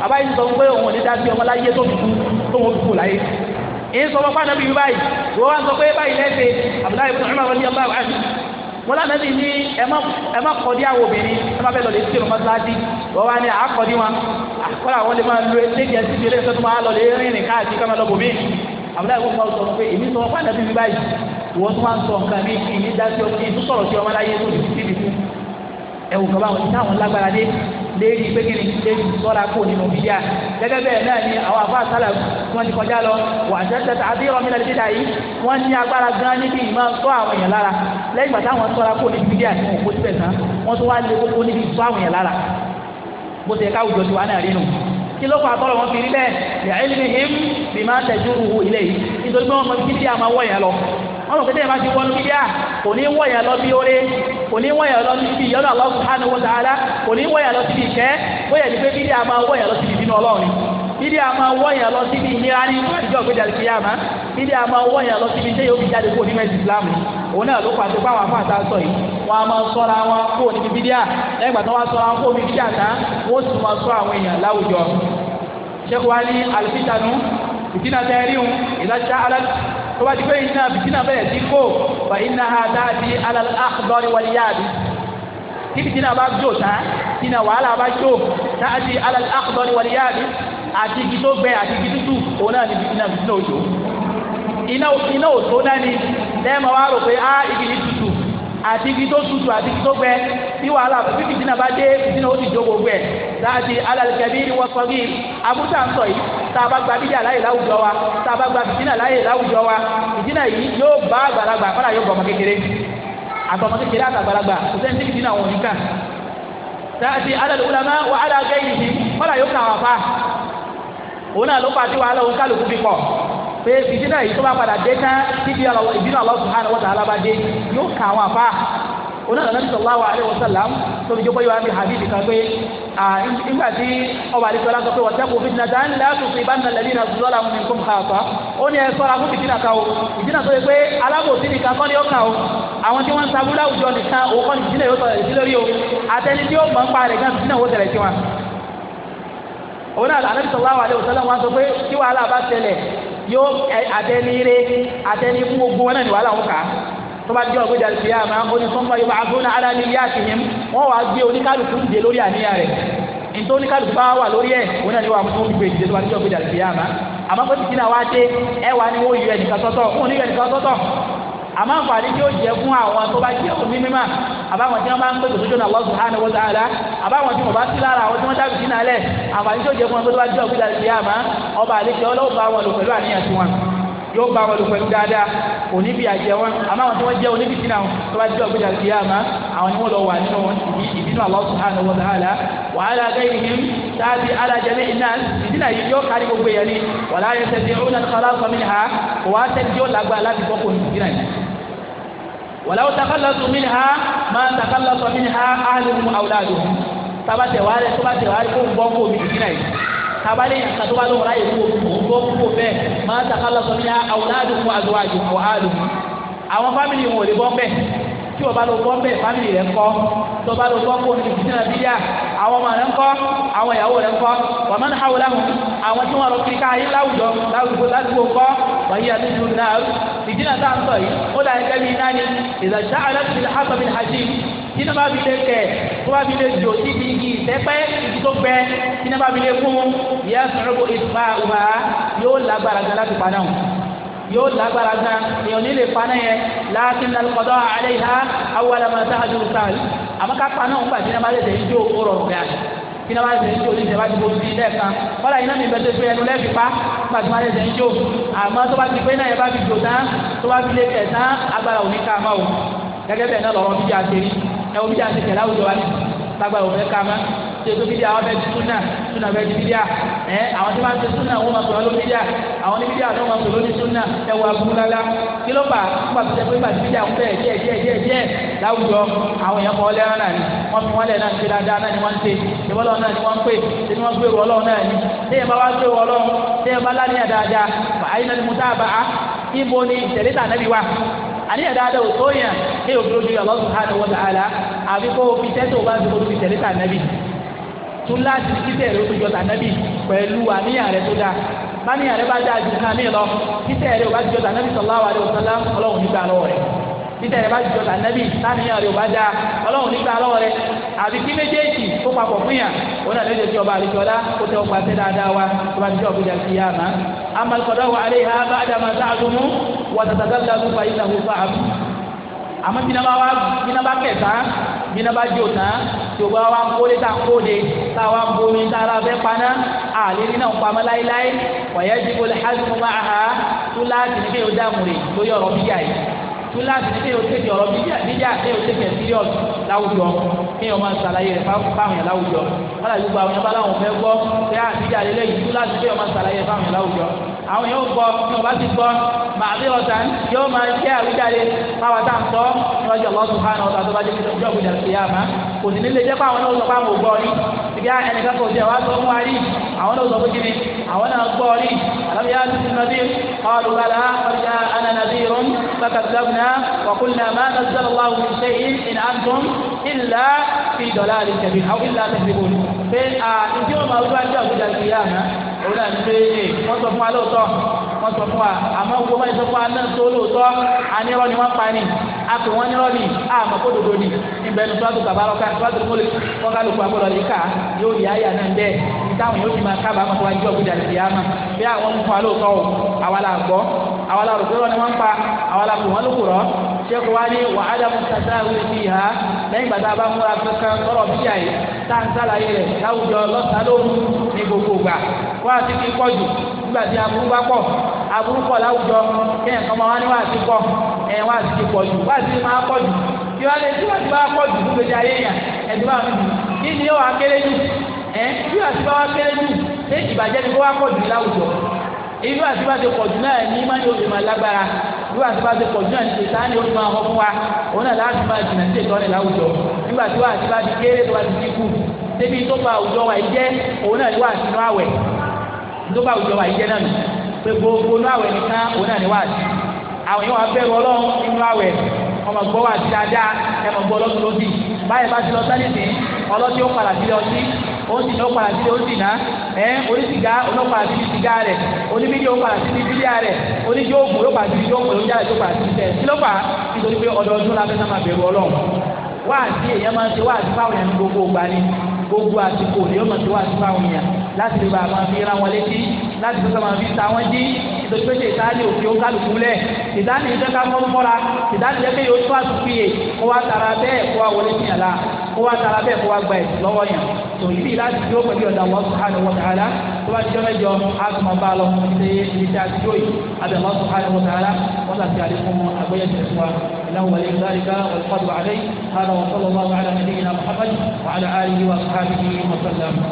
bàbá yìí sọ pé òun ò ní dási ọmọ láyé tó fi kú tó wọn fi kú láyé èyí sọ fún fún àná wọn lànàbí ní ẹ má kọ́ dí àwọn obìnrin ẹ má fẹ́ lọ lè ti ìrùn mọ́tíláàdì wọ́n wá ní àákọ́ wọn àkọ́lá wọn lè máa lo ẹgbẹ́ sí ilé ìṣẹ́ tó máa lọ lè rìn rìn káàkiri kọ́mọ lọ́bù mí àbúrò àwọn ọmọ sọ pé èmi sọ wọn pàdánù mi báyìí ìwọ́n tó máa ń sọ nǹkan mi kì í dá sí ọmọ ẹ̀wù kọ́ báwọn táwọn lágbára dé léyìí pé kíni léyìí sọ́ra kó nínú bídíà gẹ́gẹ́ bẹ́ẹ̀ náà ni àwọn àfa àsálà wọn ti kọjá lọ wà tẹ́tẹ́ àbí ọmọ ilẹ̀ dídà yìí wọ́n ní agbára gan níbi ìmọ̀ sọ àwọn èèyàn lára lẹ́yìn ìgbà táwọn sọ́ra kó nínú bídíà tí wọ́n kó síbẹ̀ tán wọ́n tún wá lé kókó níbi sọ àwọn èèyàn lára bó ti ká àwùjọ tiwa náà rí nù kí ló fà á tọ́lọ̀ fi rí bẹ́ẹ̀ yàrá ìlú ni him bìmá tẹ̀síwò ilé yìí nítorí pé wọ́n mọ wọ́n mọ̀ pé tẹ́yìn bá ti wọnú bídíà kò ní wọ̀yà lọ bí oore kò ní wọ̀yà lọ síbi ìyọ́nà Allah subhanahu wa ta'ala kò ní wọ̀yà lọ síbi ìkẹ́ wọ̀yà ní pé bídíà máa wọ̀yà lọ síbi ìbínú ọlọ́run ni bídíà máa wọ̀yà lọ síbi ìnira ní ìjọ gbé dàlí kíyàmá bídíà máa wọ̀yà lọ síbi tẹ́yìn ó fi jáde kó onímọ̀ ẹ̀sìn Islam òun náà ló pàṣẹ fáwọn afáàtà sọ yìí wọn a máa sọra wọn kó níbi bídíà lẹ́yìn ìgbà tó wá sọra wọn kó omi bídíà tán wọn ó sì máa sọ àwọn èèyàn láwùjọ. sẹ́kọ̀ọ́ wa ní àlùfíìsànù ìdínà tẹ́ẹ̀rí ìlàjà alẹ́ tó bá ti pé iná bìtínà bẹ̀rẹ̀ sí kó fa iná ha dáàbí aláàdọ́rí wọlé yáàbí tí bìtínà bá jò tán iná wàhálà bá jò dáàbí aláàdọ́rí wọlé yáàbí àti igi tó gbẹ àti igi tútù òun náà ni bìtínà bìtínà òjò iná òtó náà ni lẹ́ẹ̀mọ̀ wá rò pé á igi ní tútù àti ibi tó tutù àti ibi tó gbẹ bí wàhálà bí fìdínà bá dé fìdínà ó sì jó gbogbo ẹ̀ láti alàlùkẹ́bí ni wọ́n sọ bí abúta ń yìí tá a bá gba bídíà láyè láwùjọ wa tá a bá gba fìdínà láyè láwùjọ wa fìdínà yìí yóò bá àgbàlagbà kọ́lá yóò bọ̀ ọmọ kékeré àtọmọ kékeré àtàgbàlagbà kò sẹ́ni tí fìdínà wọn ní ká láti alàlùkùlámà wà á dà gẹ́yìn sí kọ́lá yóò kà wà fà òun náà ló pàṣẹ wàhálà òun kálukú pé fìdínà yìí tó bá padà dé tán títí ìbínú Allah subhanahu wa ta'ala bá dé yóò kà àwọn àfa onáà nàbí sallallahu alaihi wasallam tó fi jókòó yóò wá bí hadithi kan pé nígbà tí ọba àdìsọ lásán pé wọ́n tẹ́kù fìdínà dáhùn látò fi ìbánu lẹ́lí náà sùn lọ́la mi kún kàfà ó ní ẹ sọ́ra fún fìdínà kan o fìdínà tó yẹ pé alábòsí nìkan kọ́ ni ó kà o àwọn tí wọ́n sabu láwùjọ nìkan òun kọ́ ni fìdínà yóò sọ̀rọ̀ sí lórí o àtẹni tí ó mọ̀ ń pa rẹ̀ gan fìdínà ó tẹ̀lẹ̀ sí yóò àtẹnire àtẹni fún gbogbo wọn náà ní wàhálà wọn kà tó bá jẹ́ ọ̀gbẹ́jà lè fi yá àmà ó ní sọ́mbà yóò bá agbóná ara ní ilé àtìyẹn wọ́n wàá gbé oníkálukú dìde lórí àníyàn rẹ̀ nítorí oníkálukú bá wà lórí ẹ̀ wọn náà ní wàá fún gbé dìde tó bá jẹ́ ọ̀gbẹ́jà lè fi yá àmà àmọ́ pé tìtìnà wá dé ẹ wà ní wọ́n yọ ẹnìkan sọ́tọ̀ wọn ò ẹnìkan sọ́tọ̀ àmọ́ àǹfààní tí ó jẹ́ fún àwọn tó bá jẹ́ omi mímọ́ àbáwọn tí wọ́n bá ń pè tòṣojú náà lọ́sùn hàn wọ́n sáà rà àbáwọn tí wọ́n bá sí lára àwọn tí wọ́n dábì sí nálẹ̀ àǹfààní tí ó jẹ́ fún wọn tó bá jẹ́ òkú ìdàrí sí àmọ́ ọba àlejò ọlọ́wọ́ bá wọn lò pẹ̀lú àníyàn sí wọn yóò bá wọn lò pẹ̀lú dáadáa oníbi àjẹ wọn àmọ́ àwọn tí wọ́n jẹ́ oníbi وعلى غيرهم تأتي على جميع الناس ìdínà yìí yóò kárí gbogbo ولا يستطيعون الخلاص منها wàá tẹ́jú lágbára láti bọ́ wàláwó تخلصوا منها ما takálàtú منها áhàlùmù àwùláàdù tabatẹ̀ wà lẹ̀ tabatẹ̀ wà lẹ̀ kó bọ́ kó omi tìtì náà yìí tabalẹ̀ yàtọ̀ tó bá lóun ráyè kó omi bọ́ kó bẹ́ẹ̀ máa takálàtú minha àwùláàdù kó àdúwàjù kó àlùmù àwọn fámìlì wọn ò lè bọ́ bẹ́ẹ̀ tí o bá lọ gbọ́ bẹ́ẹ̀ fámìlì rẹ̀ ńkọ́ tó bá lọ gbọ́ kó ní ìdílé bíyà àwọn ọmọ rẹ̀ ńkọ́ àwọn ìyàwó rẹ̀ ńkọ́ wà má ní hawlahum àwọn tí wọ́n lọ kiri káyé láwùjọ láwùjọ ládùúgbò ńkọ́ wàyí àdúgbò ìdínà tá a sọ yìí ó dà gẹ́gẹ́ bí iná ni ìdàṣà aláṣẹ àtọ̀bí hajj iná bá fi lé kẹ̀ tó bá fi lé jò síbi igi ìtẹ́pẹ́ ibi tó gbẹ iná bá fi lé fún ìyá sọ̀rọ̀ ìfà ọba yóò lágbára gan láti pa náà yóò lágbára gan èèyàn nílé paná yẹn láàkín lálùkọ́dọ́ àlẹ́ ìhá awọ́lámọ́tà àdúró sáà àmọ́ ká paná òun gbà kí náà máa tẹ̀síjó ní ìjẹba ti bójú sí lẹ́ẹ̀kan kọ́lá iná mi bẹ́tẹ̀ pé ẹnu lẹ́ẹ̀fi pa nígbà tí máa tẹ̀ tẹ̀síjó àmọ́ tó bá ti pé náà yẹn bá fi jò tán tó bá fi lè tẹ̀ tán agbára òní ká máa wò gẹ́gẹ́ bẹ́ẹ̀ náà lọ́rọ́ bíjà ṣe rí ẹ̀wọ̀n bíjà ṣe tẹ̀lé àwùjọ wa ní lágbára òní ká máa ṣe pé bídíà wọn bẹ́ẹ̀ di súnà súnà bẹ́ẹ̀ di bídíà ẹ àwọn tí wọ́n ti súnà wọ́n máa pè wọ́n ló bídíà àwọn ní bídíà wọ́n máa pè wọ́n ní súnà ẹ wọ abúlálá kí ló fà nígbà tó ṣe pé bàtí bídíà ń bẹ̀ díẹ̀ díẹ̀ díẹ̀ díẹ̀ láwùjọ àwọn èèyàn kọ́ lẹ́rán náà ni wọ́n fi wọ́n lẹ̀ náà ṣe dáadáa náà ni wọ́n ń ṣe ìbọ́lọ́ náà ni wọ́n ń pè ṣe ni wọ́n ń pè wọ́ ọlọ́run náà ni téèyàn bá wá pè wọ́ ọlọ́run téèyàn bá lánìyàn dáadáa àyè náà ni mo dáàbà á ibo ni ìtẹ̀lé tà náà bí wa àníyàn dáadáa ò tó yàn kí òbí lójú Allah subhanahu wa ta'ala àbí kó o fi tẹ́tò bá ti kó o fi tẹ̀lé tà náà bí tó láti títẹ̀ rẹ ó tó jọ tànẹ́bì pẹ̀lú àníyàn rẹ tó dáa báníyàn rẹ bá dáa ju nǹkan míì lọ títẹ̀ rẹ ò bá jọ tànẹ́bì sallallahu alaihi wasallam ọlọ́run nígbà lọ́wọ́ rẹ títẹ̀ rẹ bá jọ tànẹ́bì táníyàn rẹ ò bá dáa ọlọ́run nígbà lọ́wọ́ rẹ àbí kí méjèèjì tó papọ̀ fún yàn wọn náà lóde tí ọba àlejòọlá ó kẹta bíná bá jò tán tí o bá wá ń kólé tá a kóde tá a wá ń bomi tá a fẹ́ paná àlèrí náà ń pamọ́ láéláé wọ̀nyẹ́ ti bolẹ̀ hásùn mọ́ àhá túláàtì ní kéèyàn dààmú rè lórí ọ̀rọ̀ bíyà yìí túláàtì ní kéèyàn tètè ọ̀rọ̀ bíyà kéèyàn tètè serious láwùjọ kéèyàn máa ṣàlàyé rẹ̀ fáwọn yẹn láwùjọ wọ́n àwọn yóò gbọ́ tí wọ́n bá ti gbọ́ màbí ọ̀sán yóò máa jẹ́ àwíjàre fáwọn tá à ń tọ́ lọ́jọ́ Allah subhanahu wa ta'ala tó bá jẹ́ ìjọ ògbìjà sí àmà kò sí nílé jẹ́ pé àwọn náà sọ pé àwọn ò gbọ́ rí ibi ẹnìkan kò sí ẹ̀wá sọ fún wa rí àwọn náà sọ pé kí ni àwọn náà gbọ́ rí àlọ́ yá ti ti nàbí qalu bala qad ja'ana nadhirun fakadzabna wa qulna ma òun náà ní pé ee wọ́n sọ fún wa lóòótọ́ wọ́n sọ fún wa àmọ́ gbogbo báyìí sọ fún wa náà tó lóòótọ́ anírọ́ ni wọ́n pa ni àpò wọn nírọ́ ni àmọ́ kó dodo ni ìbẹ̀nu sọ́dún bàbá ọ̀ka sọ́dún mọ́lẹ̀ kọ́kálùkù àbọ̀lọ̀ yìí ká yóò di àyà náà bẹ́ẹ̀ táwọn yóò fi máa kábàámọ̀ tó wá jọ́ gbé dàdí àmà bí àwọn ń fún wa lóòótọ́ o àwa sẹ́kù wá ní wà ádámù tasáwé sí ìhá lẹ́yìn gbàtà bá múra kankan sọ̀rọ̀ bíjà yìí tá n sàlàyé rẹ̀ láwùjọ lọ́sàn-án lóru ní gbogbo gbà kó àti kí pọ̀ jù nígbà tí aburú bá pọ̀ aburú pọ̀ láwùjọ kéèyàn kan máa wá ní wà á ti pọ̀ ẹ̀ wá á ti pọ̀ jù wá á ti máa pọ̀ jù kí wá lè tí wá ti bá pọ̀ jù fún gbèjà ẹ̀dùn irú àti bá ti pọ̀jù náà ní má ní òfin máa lágbára irú àti bá ti pọ̀jù náà ní ṣètá ní òfin máa hàn fún wa òun náà láti máa jìnnà sí ètò ọ̀rẹ́ láwùjọ nígbà tí wàá ti bá ti kéré tó bá ti dínkù débi tó bá àwùjọ wa yìí jẹ́ òun náà ní wàá sínú àwẹ̀ tó bá àwùjọ wa yìí jẹ́ náà nù pé gbogbo inú àwẹ̀ nìkan òun náà ní wàá sí àwọn yóò wá bẹ̀rù ọlọ́run inú àwẹ̀ ọmọ ó sì lọ́ padà sílé ó sì ná ẹ́ onísìgá olóòpàá sí sìgá rẹ̀ oníbídìí ó padà síbi bídíà rẹ̀ oníjóògùn ló padà síbi jóògùn ló ń jáde tó padà síbi tẹ̀ sí lọ́pà nítorí pé ọdọọdún la fẹ́ sá máa bẹ̀rù ọlọ́run wáàsí èèyàn máa ń ṣe wáàsí fáwọn èèyàn gbogbo ìgbà gbogbo àsìkò ni ọmọ tí wà sí fáwọn èèyàn láti lè ba àwọn fi ra wọn létí láti lè ba àwọn fi ta wọn jí nítorí pé tètáni òkè ó kálukú lẹ̀ tètáni yìí dẹ́ka mọ́ mọ́ra tètáni yẹ pé yóò tó àtúntò yẹ kó wa tara bẹ́ẹ̀ kó wa wọlé fìyà la kó wa tara bẹ́ẹ̀ kó wa gba ẹ̀sìn lọ́wọ́ yẹn tó yìí láti dúró pẹ̀lú ọ̀dà wọ́n subhanahu wa ta'ala tó bá jẹ́ mẹ́jọ àtúmọ̀ bá lọ ṣe ìdí àtijọ́ yìí àbẹ̀wọ́n subhanahu wa ta'ala wọ́n tàbí àdékùn àgbẹ̀yẹ̀ tẹ̀síwájú. إنه ولي ذلك والقدر عليه هذا وصلى الله على نبينا محمد وعلى آله وأصحابه وسلم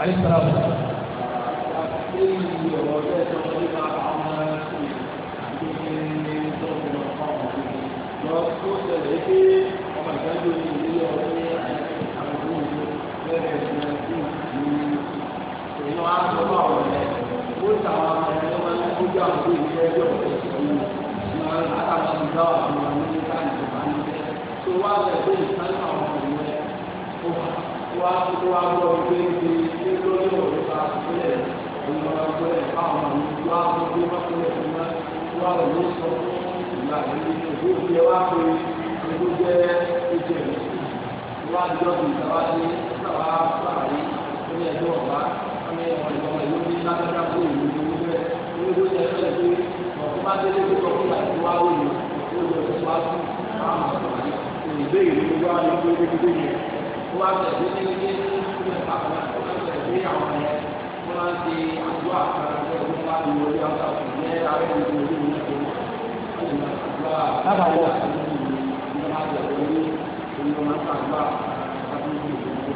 عليه السلام Thank you. àwọn àtàwọn ìgbà àwọn amẹ́ríkà ìjọba ní ẹ̀ tó wá lẹ́gbẹ́ ìsáyà àwọn ọmọ ẹ̀ ó wá tó wá gbọ́ pé ṣe ṣé lórí ọ̀rọ̀ ta sílẹ̀ òun ọ̀rọ̀ gbọ́lẹ̀ fáwọn ọmọ mi wá tó gbé mọ́tòlẹ̀ fún wa wá lọ sọ fún ìgbà yìí ìgbó jẹ wá pé ìgbó jẹ ìjẹ wá jọ ìgbàwá dé ìgbàwá fàáyé lórí ẹjọ́ ọ̀gá ọmọ ìgbà wọn ló ní bá délé tó sọ fún àti wá òye ó lọ sí wá sí àwọn àgbàlagbà ìgbé ìlú wá ní ìlú gbogbo yẹn ó wá tẹ̀lé ní ilé ní ìlú ẹ̀ka kan ó tẹ̀lé àwọn yẹn ó wá ti àdúrà kan lọ́wọ́ wá ní orí ọ̀gá òkú ní ẹ̀ka rẹ̀ ní orí ìlú tó wà ní àdúrà lábàlẹ̀ àti ìlú ní wọ́n á tẹ̀lé ní ìlú wọn á tàgbà àti ìlú tó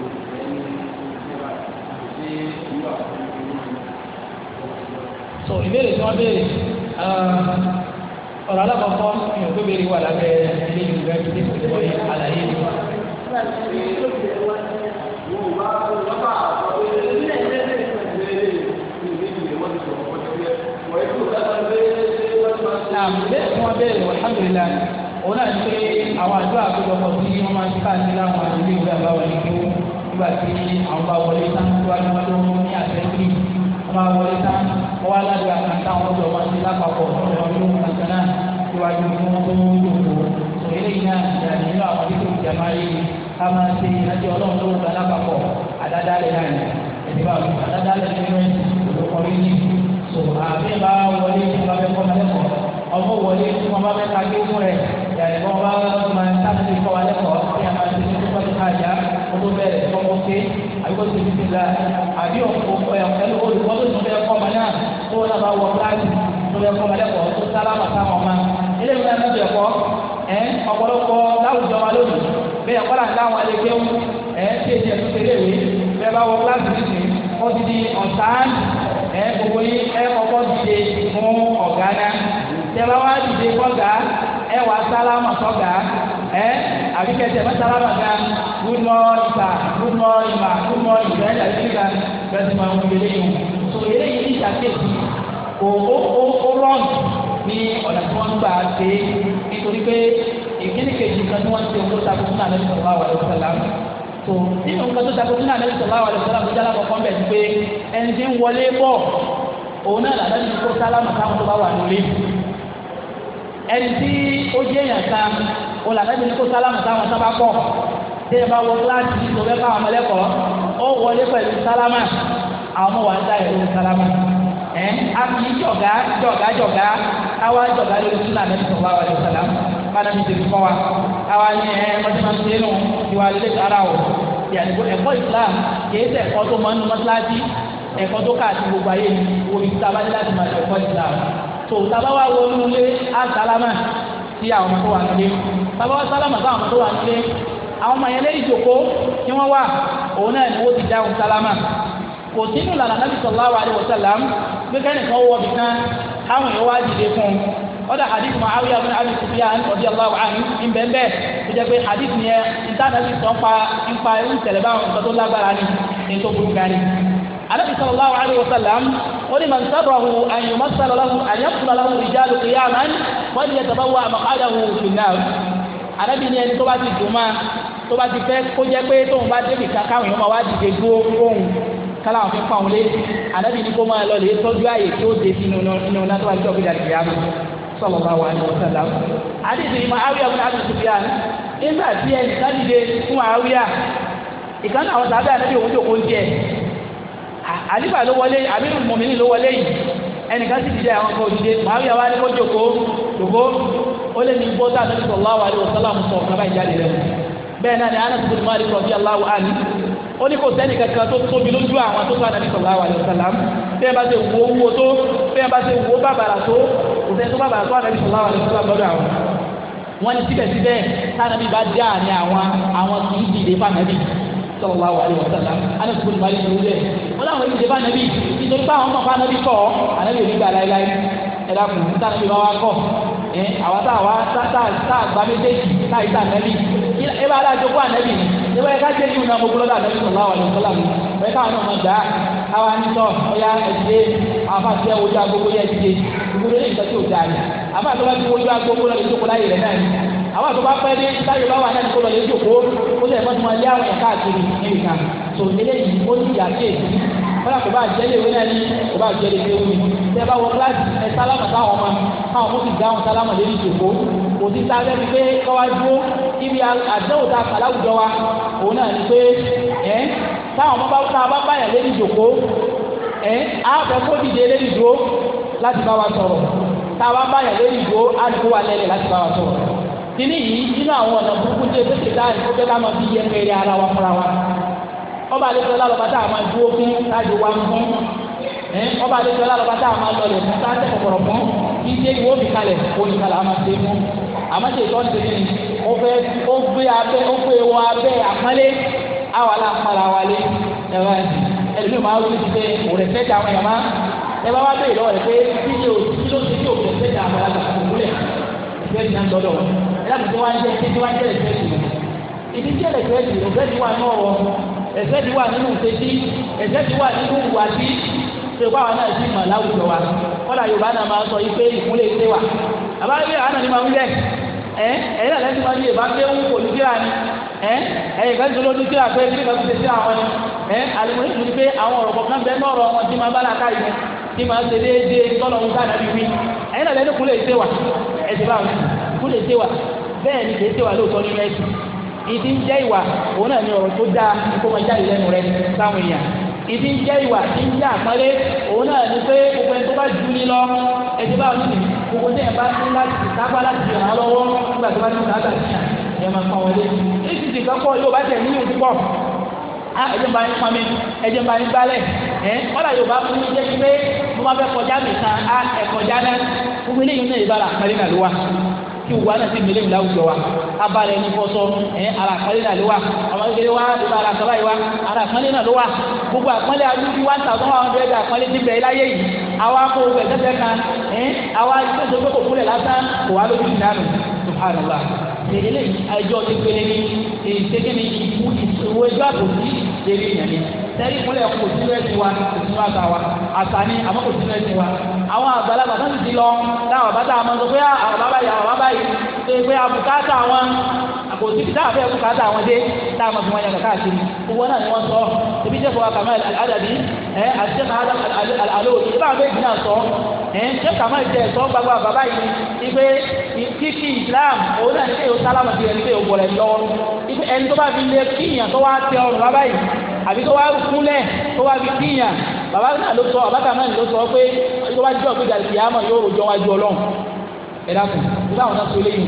wà ní ìlú tó wà Eh, ọ̀rọ̀ alákọ̀ọ́kọ́ mi ò tó béèrè wà lábẹ́ ilé ìgbà tí kò tẹ̀ wọ́n àlàyé ni. bẹ́ẹ̀ náà ṣe àwọn àdúrà tó tí wọ́n máa ń ká sí láwọn ilé ìwé àbáwọ̀ ní nígbà tí àwọn bá wọlé sáńtúwájú wọn ní àtẹ́kùn ní máa wọlé sáńtú wá aládùn àkàtà àwọn ọjọ́ wọn ti lápapọ̀ lọ́dọ̀ ọdún kankan náà síwájú kí wọ́n tó ń dòkó sọ eléyìí náà ìyá nínú àwọn tí kò jàmá yìí ká máa ṣe ìrántí ọlọ́run ló ń gba lápapọ̀ náà ni bá wọn àdádálẹ̀ nínú olùkọ́rí ní so àbí bá wọlé tí wọ́n bẹ kọ́ lẹ́kọ̀ọ́ ọmọ wọlé tí wọ́n bá bẹ ká gé fún rẹ̀ yàrá wọn bá máa ń sábẹ́ kọ́ wa lẹ́kọ̀ọ́ kí a máa ní kókó tó kájà kó tó bẹ̀rẹ̀ ké àbí kó tó ti ti la àbí ọ̀pọ̀ ẹ̀ tó wọn náà bá wọ kíláàsì tó yẹ kọ́ ọmọdékọ̀ tó sálámà sáwọn ọmọ eléyìí náà lóde ẹ̀kọ́ ẹ̀ ọ̀pọ̀lọpọ̀ láwùjọ wa lónìí bẹ́ẹ̀ kọ́lá táwọn alẹ́gbẹ́ wù ẹ̀ tí èsì ẹ̀ tó ṣe léwé bẹ́ẹ̀ bá wọ kíláàsì nìsín ó ti di ọ̀sán ẹ̀ gbogbo yìí ẹ̀ kọ́kọ́ dìde fún ọ̀gá náà tẹ̀lá wa dìde fọ́gà ẹ̀ wà sálámà fọ́gà ẹ̀ àbíkẹ́tẹ̀ mẹ́sálámà gan good morning sir good morning ma good morning ìgbà ẹ̀ àkéèsí o o o o rọ́ọ̀nù ní ọ̀nà tí wọ́n ń gbà ṣe é nítorí pé ìkíni kejì kan tí wọ́n ti owó ta fún nàlẹ́ sọ̀rọ̀ àwọn ọ̀rẹ́ sọ̀rọ̀ àwọn tó nínú nǹkan tó ta fún nàlẹ́ sọ̀rọ̀ àwọn ọ̀rẹ́ sọ̀rọ̀ àwọn ìjọba kọ̀ọ̀kan bẹ̀ ni pé ẹni tí ń wọlé bọ̀ òun náà làbẹ́ ní kó sálámù táwọn tó bá wà nílé ẹni tí ó jẹ́ èèyàn kan òun làbẹ́ ní kó sálámù táwọn tó bá pọ̀ tí ẹ bá wọ kíláàsì tó fẹ́ fáwọn ọmọlẹ́kọ̀ọ́ ó wọlé pẹ̀lú sálámà àwọn ọmọ wa ń dá ìlú sálámà ẹ àfi jọ̀gá jọ̀gá jọ̀gá káwá jọ̀gá lórí súnà nàbí sọ̀rọ̀ àwọn àjọ sàlám bánàbí tèmi kọ́ wa káwá ní ẹ ọdún máa ń ṣe é nù ìwà lílé kára o ìyàtọ̀ ẹ̀kọ́ Islam kìí ṣe ẹ̀kọ́ tó máa ń nu mọ́tíláṣí ẹ̀kọ́ tó káàkiri gbogbo ayé ni omi tí a bá dé láti máa ẹ̀kọ́ Islam tó tábà wá wọnú lé àsálámà sí àwọn ọmọ tó wà nílé tábà wá sálámà sí àwọn ọmọ tó wà nílé àwọn ọmọ yẹn lé ìjòkó tí wọ́n wà òun náà ni wọ́n ti dáhùn kò sínú ìlànà nàbì sallallahu alaihi wasallam pé kẹ́nìkan wọ bì kan àwọn èèyàn wá dìde fún un ọ̀dà hadith Muawiya ibn Abi Sufyan radiyallahu anhu ìbẹ̀ẹ́bẹ̀ tó jẹ́ pé hadith yẹn ìtànàbì sọ ń pa irú ìṣẹ̀lẹ̀ báwọn tó lágbára ni ètò burúkú anabi sallallahu alayhi wa sallam wani man sabahu an yi masala lahu an yakuna lahu rijalu qiyaman wani ya tabawa anabi ni ẹni tó bá ti dùn ma tó bá ti fẹ́ kó jẹ́ pé tóun bá débi kankan òun ma wá dìde dúró fóun kálá àwọn fi ń pa òun lé ànábì ní kó máa lọ lè tọ́jú ààyè tí ó dé sí inú inú látọ́ àti ọ̀gbìn àti ìyáàmù sọ̀rọ̀ bá wà ní ọ̀sán làwọn. àdìsí ìmọ̀ àwíyá fún àdìsí sùfíà nígbà tí ẹni sádìde fún àwíyá ìkànnì àwọn sábẹ́ ànábì òun jòkó ń jẹ àlífà ló wọlé àbínú mọ̀mìnì ló wọlé yìí ẹnìkan sì dìde àwọn kan òdìde màáwíà wá ní kó jòkó jòkó ó lé ní bọ́tà ànábì sallallahu alaihi wasallam sọ̀rọ̀ kábàáyé jáde rẹ̀ bẹ́ẹ̀ náà ni Anas bin Malik ó ní kò sẹ́ni kankan tó tóbi lójú àwọn tó tó ànábì sallallahu alaihi wasallam bí ẹ bá ṣe wo owó tó bí ẹ bá ṣe wo bàbàrà tó kò sẹ́ni tó bàbàrà tó ànábì sallallahu alaihi wasallam lọ́dọ̀ àwọn wọ́n ní síbẹ̀síbẹ̀ tánàbí bá dé àárín àwọn àwọn kì í dìde fànàbí sallallahu alaihi wasallam anabi kúni balẹ̀ ìlú rẹ̀ wọ́n láwọn ìdíje fànàbí àwọn kan àwọn táwa ìjọba ẹ̀ka jẹ́ kí ọ̀nà gbogbo lọ́dà lọ́dún sọ̀rọ̀ àwọn ọ̀nà sọ́làmù ẹ̀ka àwọn ọmọ dà àwọn anìtọ́ ọ̀yà ẹ̀dẹ́ àwọn àti ẹ̀wọ̀jú agogo yẹ ẹ̀dẹ́ ìgboro ní ìtọ́jú ọ̀dà rẹ̀ àwọn àtọ́wá ti wọ́jú agogo lọ́dún tó kọ́ láyé rẹ̀ náà àwọn àtọ́wá pẹ́ dé táyọ̀ bá wà náà kó lọ́dún tó kó ó lè fọ́n tí wọ́n lé àwọn ẹ̀ka àkiri níbi kan tó eléyìí ó ti yà sí èsì kọ́lá kò bá jẹ́lé ìwé náà ní kò bá jẹ́lé ìwé wí tẹ́ bá wọ kíláàsì ẹ sálámà táwọn ọmọ káwọn mú ti dáhùn sálámà lórí ìjòkó kò sí tá a fẹ́ fi pé kọ́wá dúró ibi àdéhùn tá a fà láwùjọ wa òun náà ni pé ẹ́ táwọn ọmọ bá tá a bá báyà lé ìjòkó ẹ́ á fẹ́ kó dìde lé ìdúró láti bá wa sọ̀rọ̀ tá a bá báyà lé ìdúró á ní kó wa lẹ́lẹ̀ láti bá wa sọ̀rọ̀ kíní yìí nínú àwọn ọ̀nà burúkú tí ebí kìlá ìfowópẹ́ ká máa fi yẹ kéré ara wa fúnra wa ọba àlejò lálọ́ba tá a máa fún láti wá fún ọba àlejò lálọ́ba tá a máa lọlẹ̀ fún tá kọ̀kọ̀rọ̀ fún kí dé ìwọ́n mi kalẹ̀ òun ìkàlà á fún àmọ́tí ìtọ́ ti ní ó fẹ́ ó gbé abẹ́ ó gbé wọ abẹ́ àpọ́nlé àwọn alápàlà wa lé ẹ̀rọ ẹ̀lú máa wí sí pé kò rẹ̀ fẹ́ta àwọn ẹ̀má ẹ bá wá bèèrè lọ́wọ́ rẹ̀ pé kí ni òsì kí ló ti kí òkè fẹ́ta àwọn alápàlà kúlẹ̀ ìfẹ́ ti náà dọ́dọ̀ ẹ láti tí wọ́n jẹ́ tí wọ́n jẹ́ ẹ̀fẹ́ ti ìdí tí ẹ̀fẹ́ ti ọ̀fẹ́ ti wà nínú ọ̀rọ̀ ẹ̀fẹ́ ti wà nínú ìfẹ́tí ẹ̀fẹ́ ti wà nínú ìwàdí ṣe fún àwọn náà ti mọ̀ láwùjọ wa kọ́lá Yorùbá náà máa sọ yí pé ìkúlẹ̀ ìṣe wà àbáyé àwọn náà ni máa ń lẹ̀ ẹ ẹ yẹn lẹ́nu máa di ìbá ń kò ni ẹ ẹ yẹn kan pé kí ndị tó ti kíra wọn ni ẹ àlùmọ́ ìlú pé àwọn ọ̀rọ̀ kọ̀ọ̀kan bẹ́ẹ̀ náà rọ wọn tí máa bá yìí tí máa ṣe déédéé tọ́lọ̀ ń nàbí wí ṣe wà bá ṣe wà bẹ́ẹ̀ ni kì í ṣe wà lóòótọ́ nínú ẹ̀sìn ìdí ń jẹ́ ìwà òun náà ni ìdí ń jẹ́ ìwà tí ń jẹ́ àpẹẹrẹ òun náà ni pé gbogbo ẹni tó bá ju ní lọ ẹni bá ní gbogbo tí ẹ bá ní láti sábà láti ràn án lọ́wọ́ nígbà tó bá ní sábà ní ẹ máa pọn wọlé èsì ti kọ́kọ́ yóò bá tẹ̀ níyì púpọ̀ ah, ẹjẹ bá yín pọnmi ẹjẹ bá yín gbálẹ̀ ẹ kọ́lá yóò bá fún mi jẹ́ pé mo máa fẹ́ kọjá mi kan á ah, ẹ̀kọ́já náà gbogbo eléyìí náà ìbára àpẹẹrẹ náà ló wà kí wùwà náà sì mí lẹ́yìn láwùjọ wa abalẹ̀ ní fọ́sọ́ ẹ̀ ara àkàlẹ́ náà ló wà ọmọ kékeré wa ìgbà ara àkàlẹ́ yìí wa ara àkàlẹ́ náà ló wà gbogbo àkàlẹ́ alúbi wa tàbí wọn bẹ bẹ àkàlẹ́ ti bẹ̀ láyé yìí àwa kó o bẹ̀ kan ẹ̀ àwa ìgbésẹ̀ tó kò lásán kò wá lóbi ìdáná subhanallah eléyìí ẹjọ́ ti péré ní ìṣèkéni ìbú ìṣòwò ẹjọ́ àkòsí lérí ìyẹn ni sẹ́yìn ìpínlẹ̀ kò sí lẹ́sìn wa kò sí lẹ́sìn àgbà wa àṣà ni àmọ́ kò sí lẹ́sìn wa àwọn àgbàlagbà náà ti lọ táwọn bàtà àmọ́ sọ pé àwọn ah, bàbá yìí àwọn bàbá yìí pé àbùkátà wọn àkòtí táwọn afẹ́ kúkà dá àwọn dé táwọn ọmọ ìwọ̀n yẹn káàkiri gbogbo náà ni wọ́n sọ ebi jẹ́ fọwọ́ kàmá àdàbí ẹ àti jẹ́ kàmá àlọ́ òbí bá àwọn ènìyàn sọ ẹ jẹ́ kàmá ìjẹ́ sọ gbagba bàbá yìí ipe kíkí Islam òun náà ní pé o sálámà sí ẹni pé o bọ̀rẹ̀ lọ́wọ́ ipe ẹni tó bá fi lé kíyàn tó wá tẹ ọrùn bàbá yìí àbí tó wá kúnlẹ̀ tó wá fi kíyàn bàbá náà ló sọ bàbá kàmá ló sọ pé tó bá jẹ́ ọ̀gbẹ́gàdì kìyàmọ̀ yóò rojọ́ wájú Ọlọ́run ẹ̀dá kù nígbà wọn náà sọ eléyìí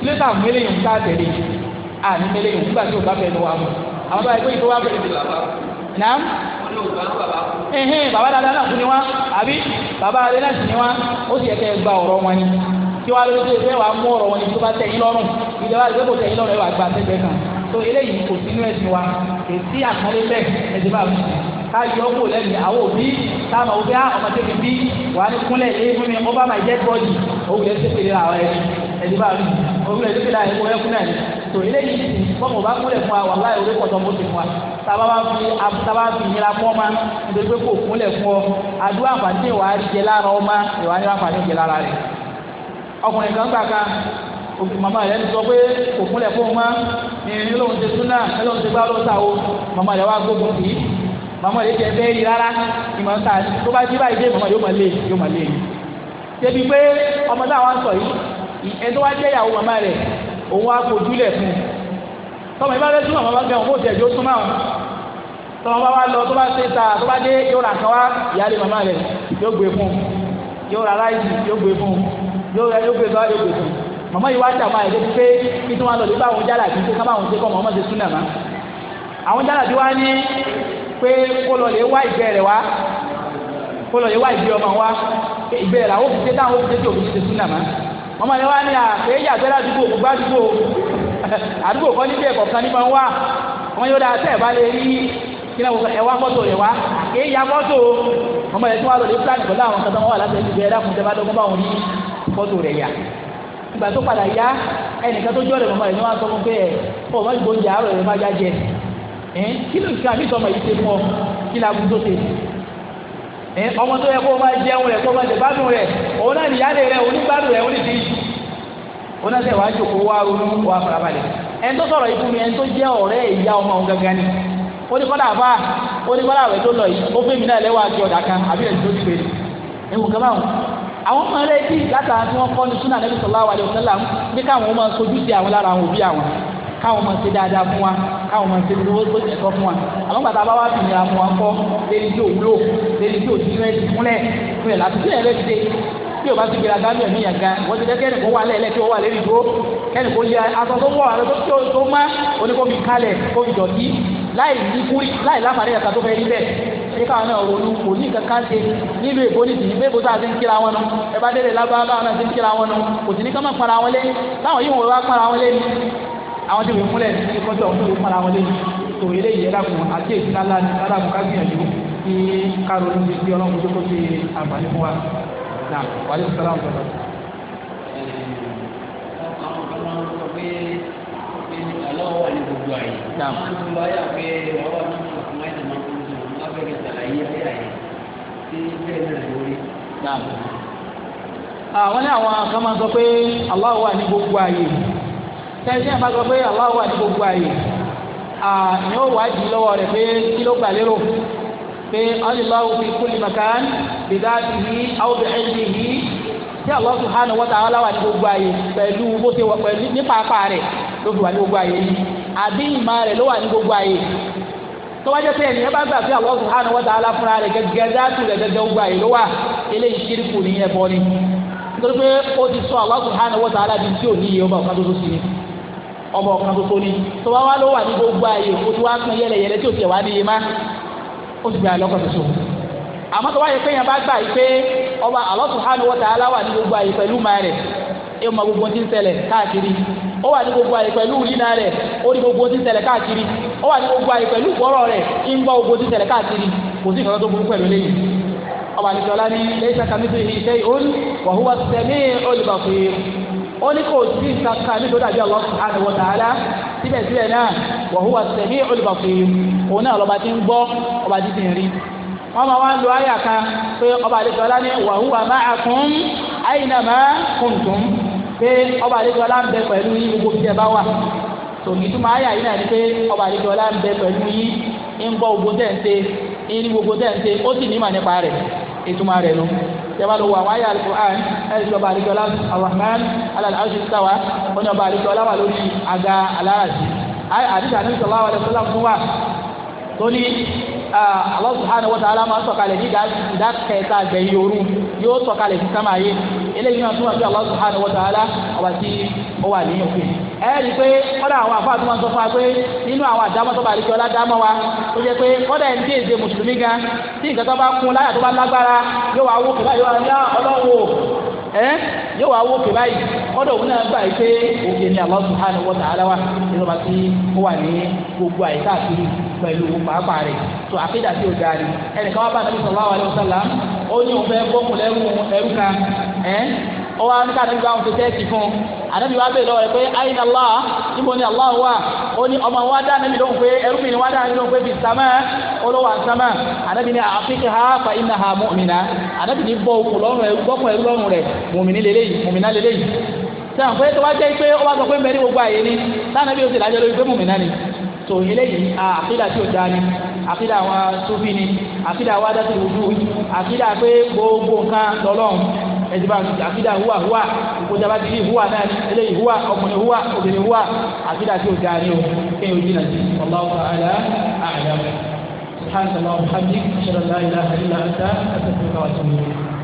kílé tá à ń mélé yòó tá à tẹ̀lé à ní mélé yòó nígbà tí o bá fẹ́ lọ wa mọ̀ àwọn bá yẹ kó yìí tó wá bẹ̀rẹ̀ bí bàbá. naam. ẹhìn bàbá dáadáa náà fún ni wá àbí bàbá adé náà sì ni wá ó sì yẹ kẹ́ ẹ gba ọ̀rọ̀ wọn ni kí wàá lóde tó fẹ́ wàá mú ọ̀rọ̀ wọn ni tó bá tẹ̀ yín lọ́rùn ìjọba àti ìgbẹ́kọ̀ tẹ̀ yín lọ́rùn ẹ̀ wàá gba àtẹ̀gbẹ́ kan tó eléyìí kò sínú ẹ̀sìn wa èsì àkàlẹ́ bẹ́ẹ̀ ẹ̀sìn bá mi ká yọ ọ́ kó lẹ́nu àwọn òbí táwọn òbí á ọmọ tẹ̀lé bí wàá ní kúnlẹ̀ lé fún mi ọba máa jẹ́ bọ́ọ̀lì òwúlẹ̀ ṣe pèlè àwọn ẹni ẹni bá rí orílẹ̀ èdè kíláà ẹ̀kọ́ ẹ̀kú náà ni tò eléyìí ti bọ́mọ̀ bá kúlẹ̀ fún wa wà láì orí pọ̀tọ́ mọ́tò fún wa tábà bá fi tábà fi ìnira fún ọmọ nítorí pé kò kúnlẹ̀ fún ọ àdúrà àǹfààní ìwà jẹ lára ọmọ ìwà ní àǹfààní jẹ lára rẹ̀ ọkùnrin kan gbà kan màmá rẹ̀ sọ pé kò kúnlẹ̀ fún ọmọ ní lóun ti súnà lóun ti gbá lóun sàwọ màmá rẹ̀ wá gbógun kì í màmá rẹ̀ jẹ bẹ́ẹ̀ rí rárá ìmọ̀ nǹkan tó bá jí báyìí dé màmá yóò máa lé yóò máa lé débi pé ọmọ táwọn sọ yìí ẹni tó wá jẹ́ ìyàwó màmá rẹ̀ òun á kojú lẹ̀ fún un tọmọ ìbá fẹ́ súnmọ́ bàbá gan òun ò tẹ̀ jó súnmọ́ àwọn tọmọ bá wá lọ tó bá ṣe ta tó bá dé yóò rà kan wá ìyáálé màmá rẹ̀ yóò gbé fún un yóò rà láìsí yóò gbé fún un yóò rà yóò gbé fún un yóò gbé fún un màmá yìí wá tàpá ẹ̀ débi pé kí tí wọ́n lọ lè bá àwọn jálà bí pé ká bá àwọn ṣe kọ́ mọ́ ọmọ ṣe súnà má àwọn jálà bí wá ní pé kó lọ lè wá ìgbẹ́ rẹ̀ wá kó lọ lè wá ìgbẹ́ ọmọ wá ìgbẹ́ rẹ̀ àwọn òfìsẹ́ táwọn òfìsẹ́ tí òfìsẹ́ súnà má ọmọ yẹn wá ní àkéjà tó ládùúgbò kò gbá àdúgbò àdúgbò kan níbi ẹ̀kọ́ kan nípa wá ọmọ yẹn ó dáa tẹ́ ẹ̀ bá lè rí kí náà ẹ wá mọ́tò rẹ̀ wá àkéjà mọ́tò ọmọ yẹn tó wá lọ lè plan pẹ̀lú àwọn kan tó wà láti ẹ̀dùn ẹ̀dá fún ìjọba dọ́gbọ́n báwọn ní mọ́tò rẹ̀ yà ìgbà tó padà yá ẹnìkan tó jọ́ọ̀rẹ̀ mọ́mọ́ ni wọ́n á sọ fún pé ẹ̀ ọmọ tó yẹ kó o máa jẹun rẹ̀ kó o máa jẹ̀bádùn rẹ̀ òun náà nìyáde rẹ̀ onígbádùn rẹ̀ oníṣe òun náà sẹ̀wá jòkó wá ronú wá farabalẹ̀ ẹni tó ikú ẹni tó ìyá ọmọ gangan ni ó ní ó ní tó lọ yìí ó fẹ́mi náà lẹ́wọ́ àti ọ̀dà kan àbí tó ti pèrè àwọn ọmọ tí kọ́ ni súnà nẹ́bí káwọn máa ṣe dáadáa fún wa káwọn máa ṣe lówó tó ṣe kọ́ fún wa àwọn gbàtà bá wà fi ìnira fún wa kọ́ lẹ́ni tí ò wúlò lẹ́ni tí ò ti ti fúnlẹ̀ fún ẹ̀ láti sílẹ̀ rẹ́ ti dé tí o bá ti gbéra gbádùn ẹ̀mí yàn gan wọ́n ti dẹ́ kẹ́ni kó wà lẹ́lẹ́ tí ó wà lẹ́ni dúró kẹ́ni kó yẹ aṣọ tó wọ̀ àrẹ tó tó má oníkóbi kalẹ̀ kóbi dọ̀tí láì ní kúrì láì láǹfààní ẹ̀ka tó fẹ́ rí bẹ́ẹ̀ ṣé káwọn náà ronú kò ní nǹkan kan ṣe nílùú èkó ní tìyí bẹ́ẹ̀ bó tá a ti ń kíra wọn nu ẹ bá délé lábábá náà ti ń kíra wọn nu kò sì ní ká má para wọn lé táwọn yìí wọn wá para wọn lé àwọn tí wọ́n múlẹ̀ ní kọ́tọ̀ ń fún ara wọn lé tó eléyìí ẹ̀dàkùn àti èyí ńlá ní ẹ̀dàkùn ká gbìyànjú kí káró ní bí ọlọ́run tó kó sí àǹfààní fún wa náà wàlẹ́ sọ́lá ń sọ̀rọ̀. àwọn ní àwọn kan máa sọ pé Allah wà ní gbogbo ààyè tẹ̀sí ẹ̀ bá sọ pé Allah wà ní gbogbo ààyè ni ó wádìí lọ́wọ́ rẹ̀ pé kí ló gbà lérò pé alilọ́wọ́ fi kulli makan bìdá tìhí àwọn ẹ̀jẹ̀ yìí tí Allah subhanahu wa ta'ala wà ní gbogbo ààyè pẹ̀lú bó ṣe wà pẹ̀lú ní pàápàá rẹ̀ ló fi wà ní gbogbo ààyè yìí àbí ìmọ̀ rẹ̀ ló wà ní gbogbo ààyè tó pé ẹnìyẹn bá gbà pé Allah subhanahu wa ta'ala fúnra rẹ̀ gẹ́gẹ́ dáàtú rẹ̀ gẹ́gẹ́ gbogbo ààyè ló wà eléyìí ṣírìkù ní ẹ̀bọ ni nítorí pé ó ti sọ Allah subhanahu wa ta'ala di tí ò ní iye ọba ọ̀ká tó tó sí ni. ọmọ ọ̀kan tó sóni tó bá wá ló wà ní gbogbo ayé o ti wá pín yẹlẹyẹlẹ tí o tiẹ̀ wá níye má o ti gbà lọ́kàn tó so àmọ́ tó yẹ pé bá gbà yìí pé ọba Allah subhanahu wa ta'ala wà ní gbogbo ayé pẹ̀lú máa rẹ̀ ẹ mọ gbogbo ti ń káàkiri ó wà ní gbogbo ayé pẹ̀lú rẹ̀ ó ní gbogbo ti ń káàkiri ó ó ní kò sí nǹkan kan nítorí àbí Allah subhanahu wa ta'ala síbẹ̀síbẹ̀ náà wa huwa as-sami'ul basir òun náà lọ́ba ti ń gbọ́ ọba ti ti rí wọ́n máa wá ń lo àyà kan pé ọba àlejò ọlá ní wa huwa ma'akum aynama kuntum pé ọba àlejò ọlá ń bẹ pẹ̀lú yín gbogbo bí ẹ bá wà tòun ìtumọ̀ àyà yìí náà ni pé ọba àlejò ọlá ń bẹ pẹ̀lú yín ń gbọ́ gbogbo tẹ̀ ń ṣe ń ní gbogbo tẹ̀ ń ṣe ó sì ní ìmọ̀ nípa rẹ̀ ìtumọ̀ rẹ̀ lọ tẹ́wá ló wà wáyà alukur'an ẹ̀sìn ọba àdìjọ́lá alrahman alàlàáṣí sáwà ọ̀nà ọba àdìjọ́lá wà lórí àga alárasì àdìsí àdìsí ọba wà lọ́sọ́lá fún wa tó ní Allah subhanahu wa ta'ala máa ń sọ̀kalẹ̀ ní ìdá kẹta gbẹ̀yìn òru yóò sọ̀kalẹ̀ sí sámáyé eléyìí náà túmọ̀ sí Allah subhanahu wa ta'ala ọba tí ó wà ní òkè ẹ̀rí pé kọ́dà àwọn àfáà tó máa sọ fún wa pé nínú àwọn àdámọ́ tó bá rí kí ọlá dámọ́ wa tó jẹ́ pé kọ́dà ẹni tí èdè mùsùlùmí gan tí nǹkan tó bá kún láyà tó bá lágbára yóò wá wó ní ah, ọlọ́wọ́ yóò wá wó kọ́dà òun náà gbà pé òkè ni Allah subhanahu wa ta'ala wa nínú wa tí ó wà ní gbogbo àyíká àkiri pẹ̀lú pàápàá rẹ̀ tó àkídà tí ó dáa ó wá ní káàdì gbà wọn fi tẹ́ẹ̀tì fún un ànábì wá bèèrè lọ́wọ́ rẹ̀ pé àyìn Allah níbo ni Allah wà ó ní ọmọ wa dá ànábì lóhùn pé ẹrú mi ni wá dá ànábì lóhùn pé fi sàmà olówó àsàmà ànábì ní àfikì ha fa iná ha mu'mina ànábì ní bọ́ òkú lọ́rùn rẹ̀ gbọ́kùn ẹrú lọ́rùn rẹ̀ mùmìnì lélẹ́yìí mùmìnà lélẹ́yìí sẹ́wọ̀n pé tó wá jẹ́ pé ó wá sọ pé mẹ́rin gbogbo àyè ni lánàbí ó sì lájẹ́ lórí pé mùmìnà ni tò eléyìí àkídà tí ó da ni àkídà àwọn sufi ni àkídà àwọn adásí wùdú pé gbogbo nǹkan lọ́lọ́run ẹ̀dìbà àkídà húwà húwà ìkójá bá ti rí húwà náà eléyìí húwà ọkùnrin húwà obìnrin húwà àkídà tí ó ga ní o kéyìn ojú náà sí Allahu ta'ala a'lam subhanahu wa ta'ala alhamdulilayi ṣẹlẹ láyé láyé láyé láyé láyé láyé láyé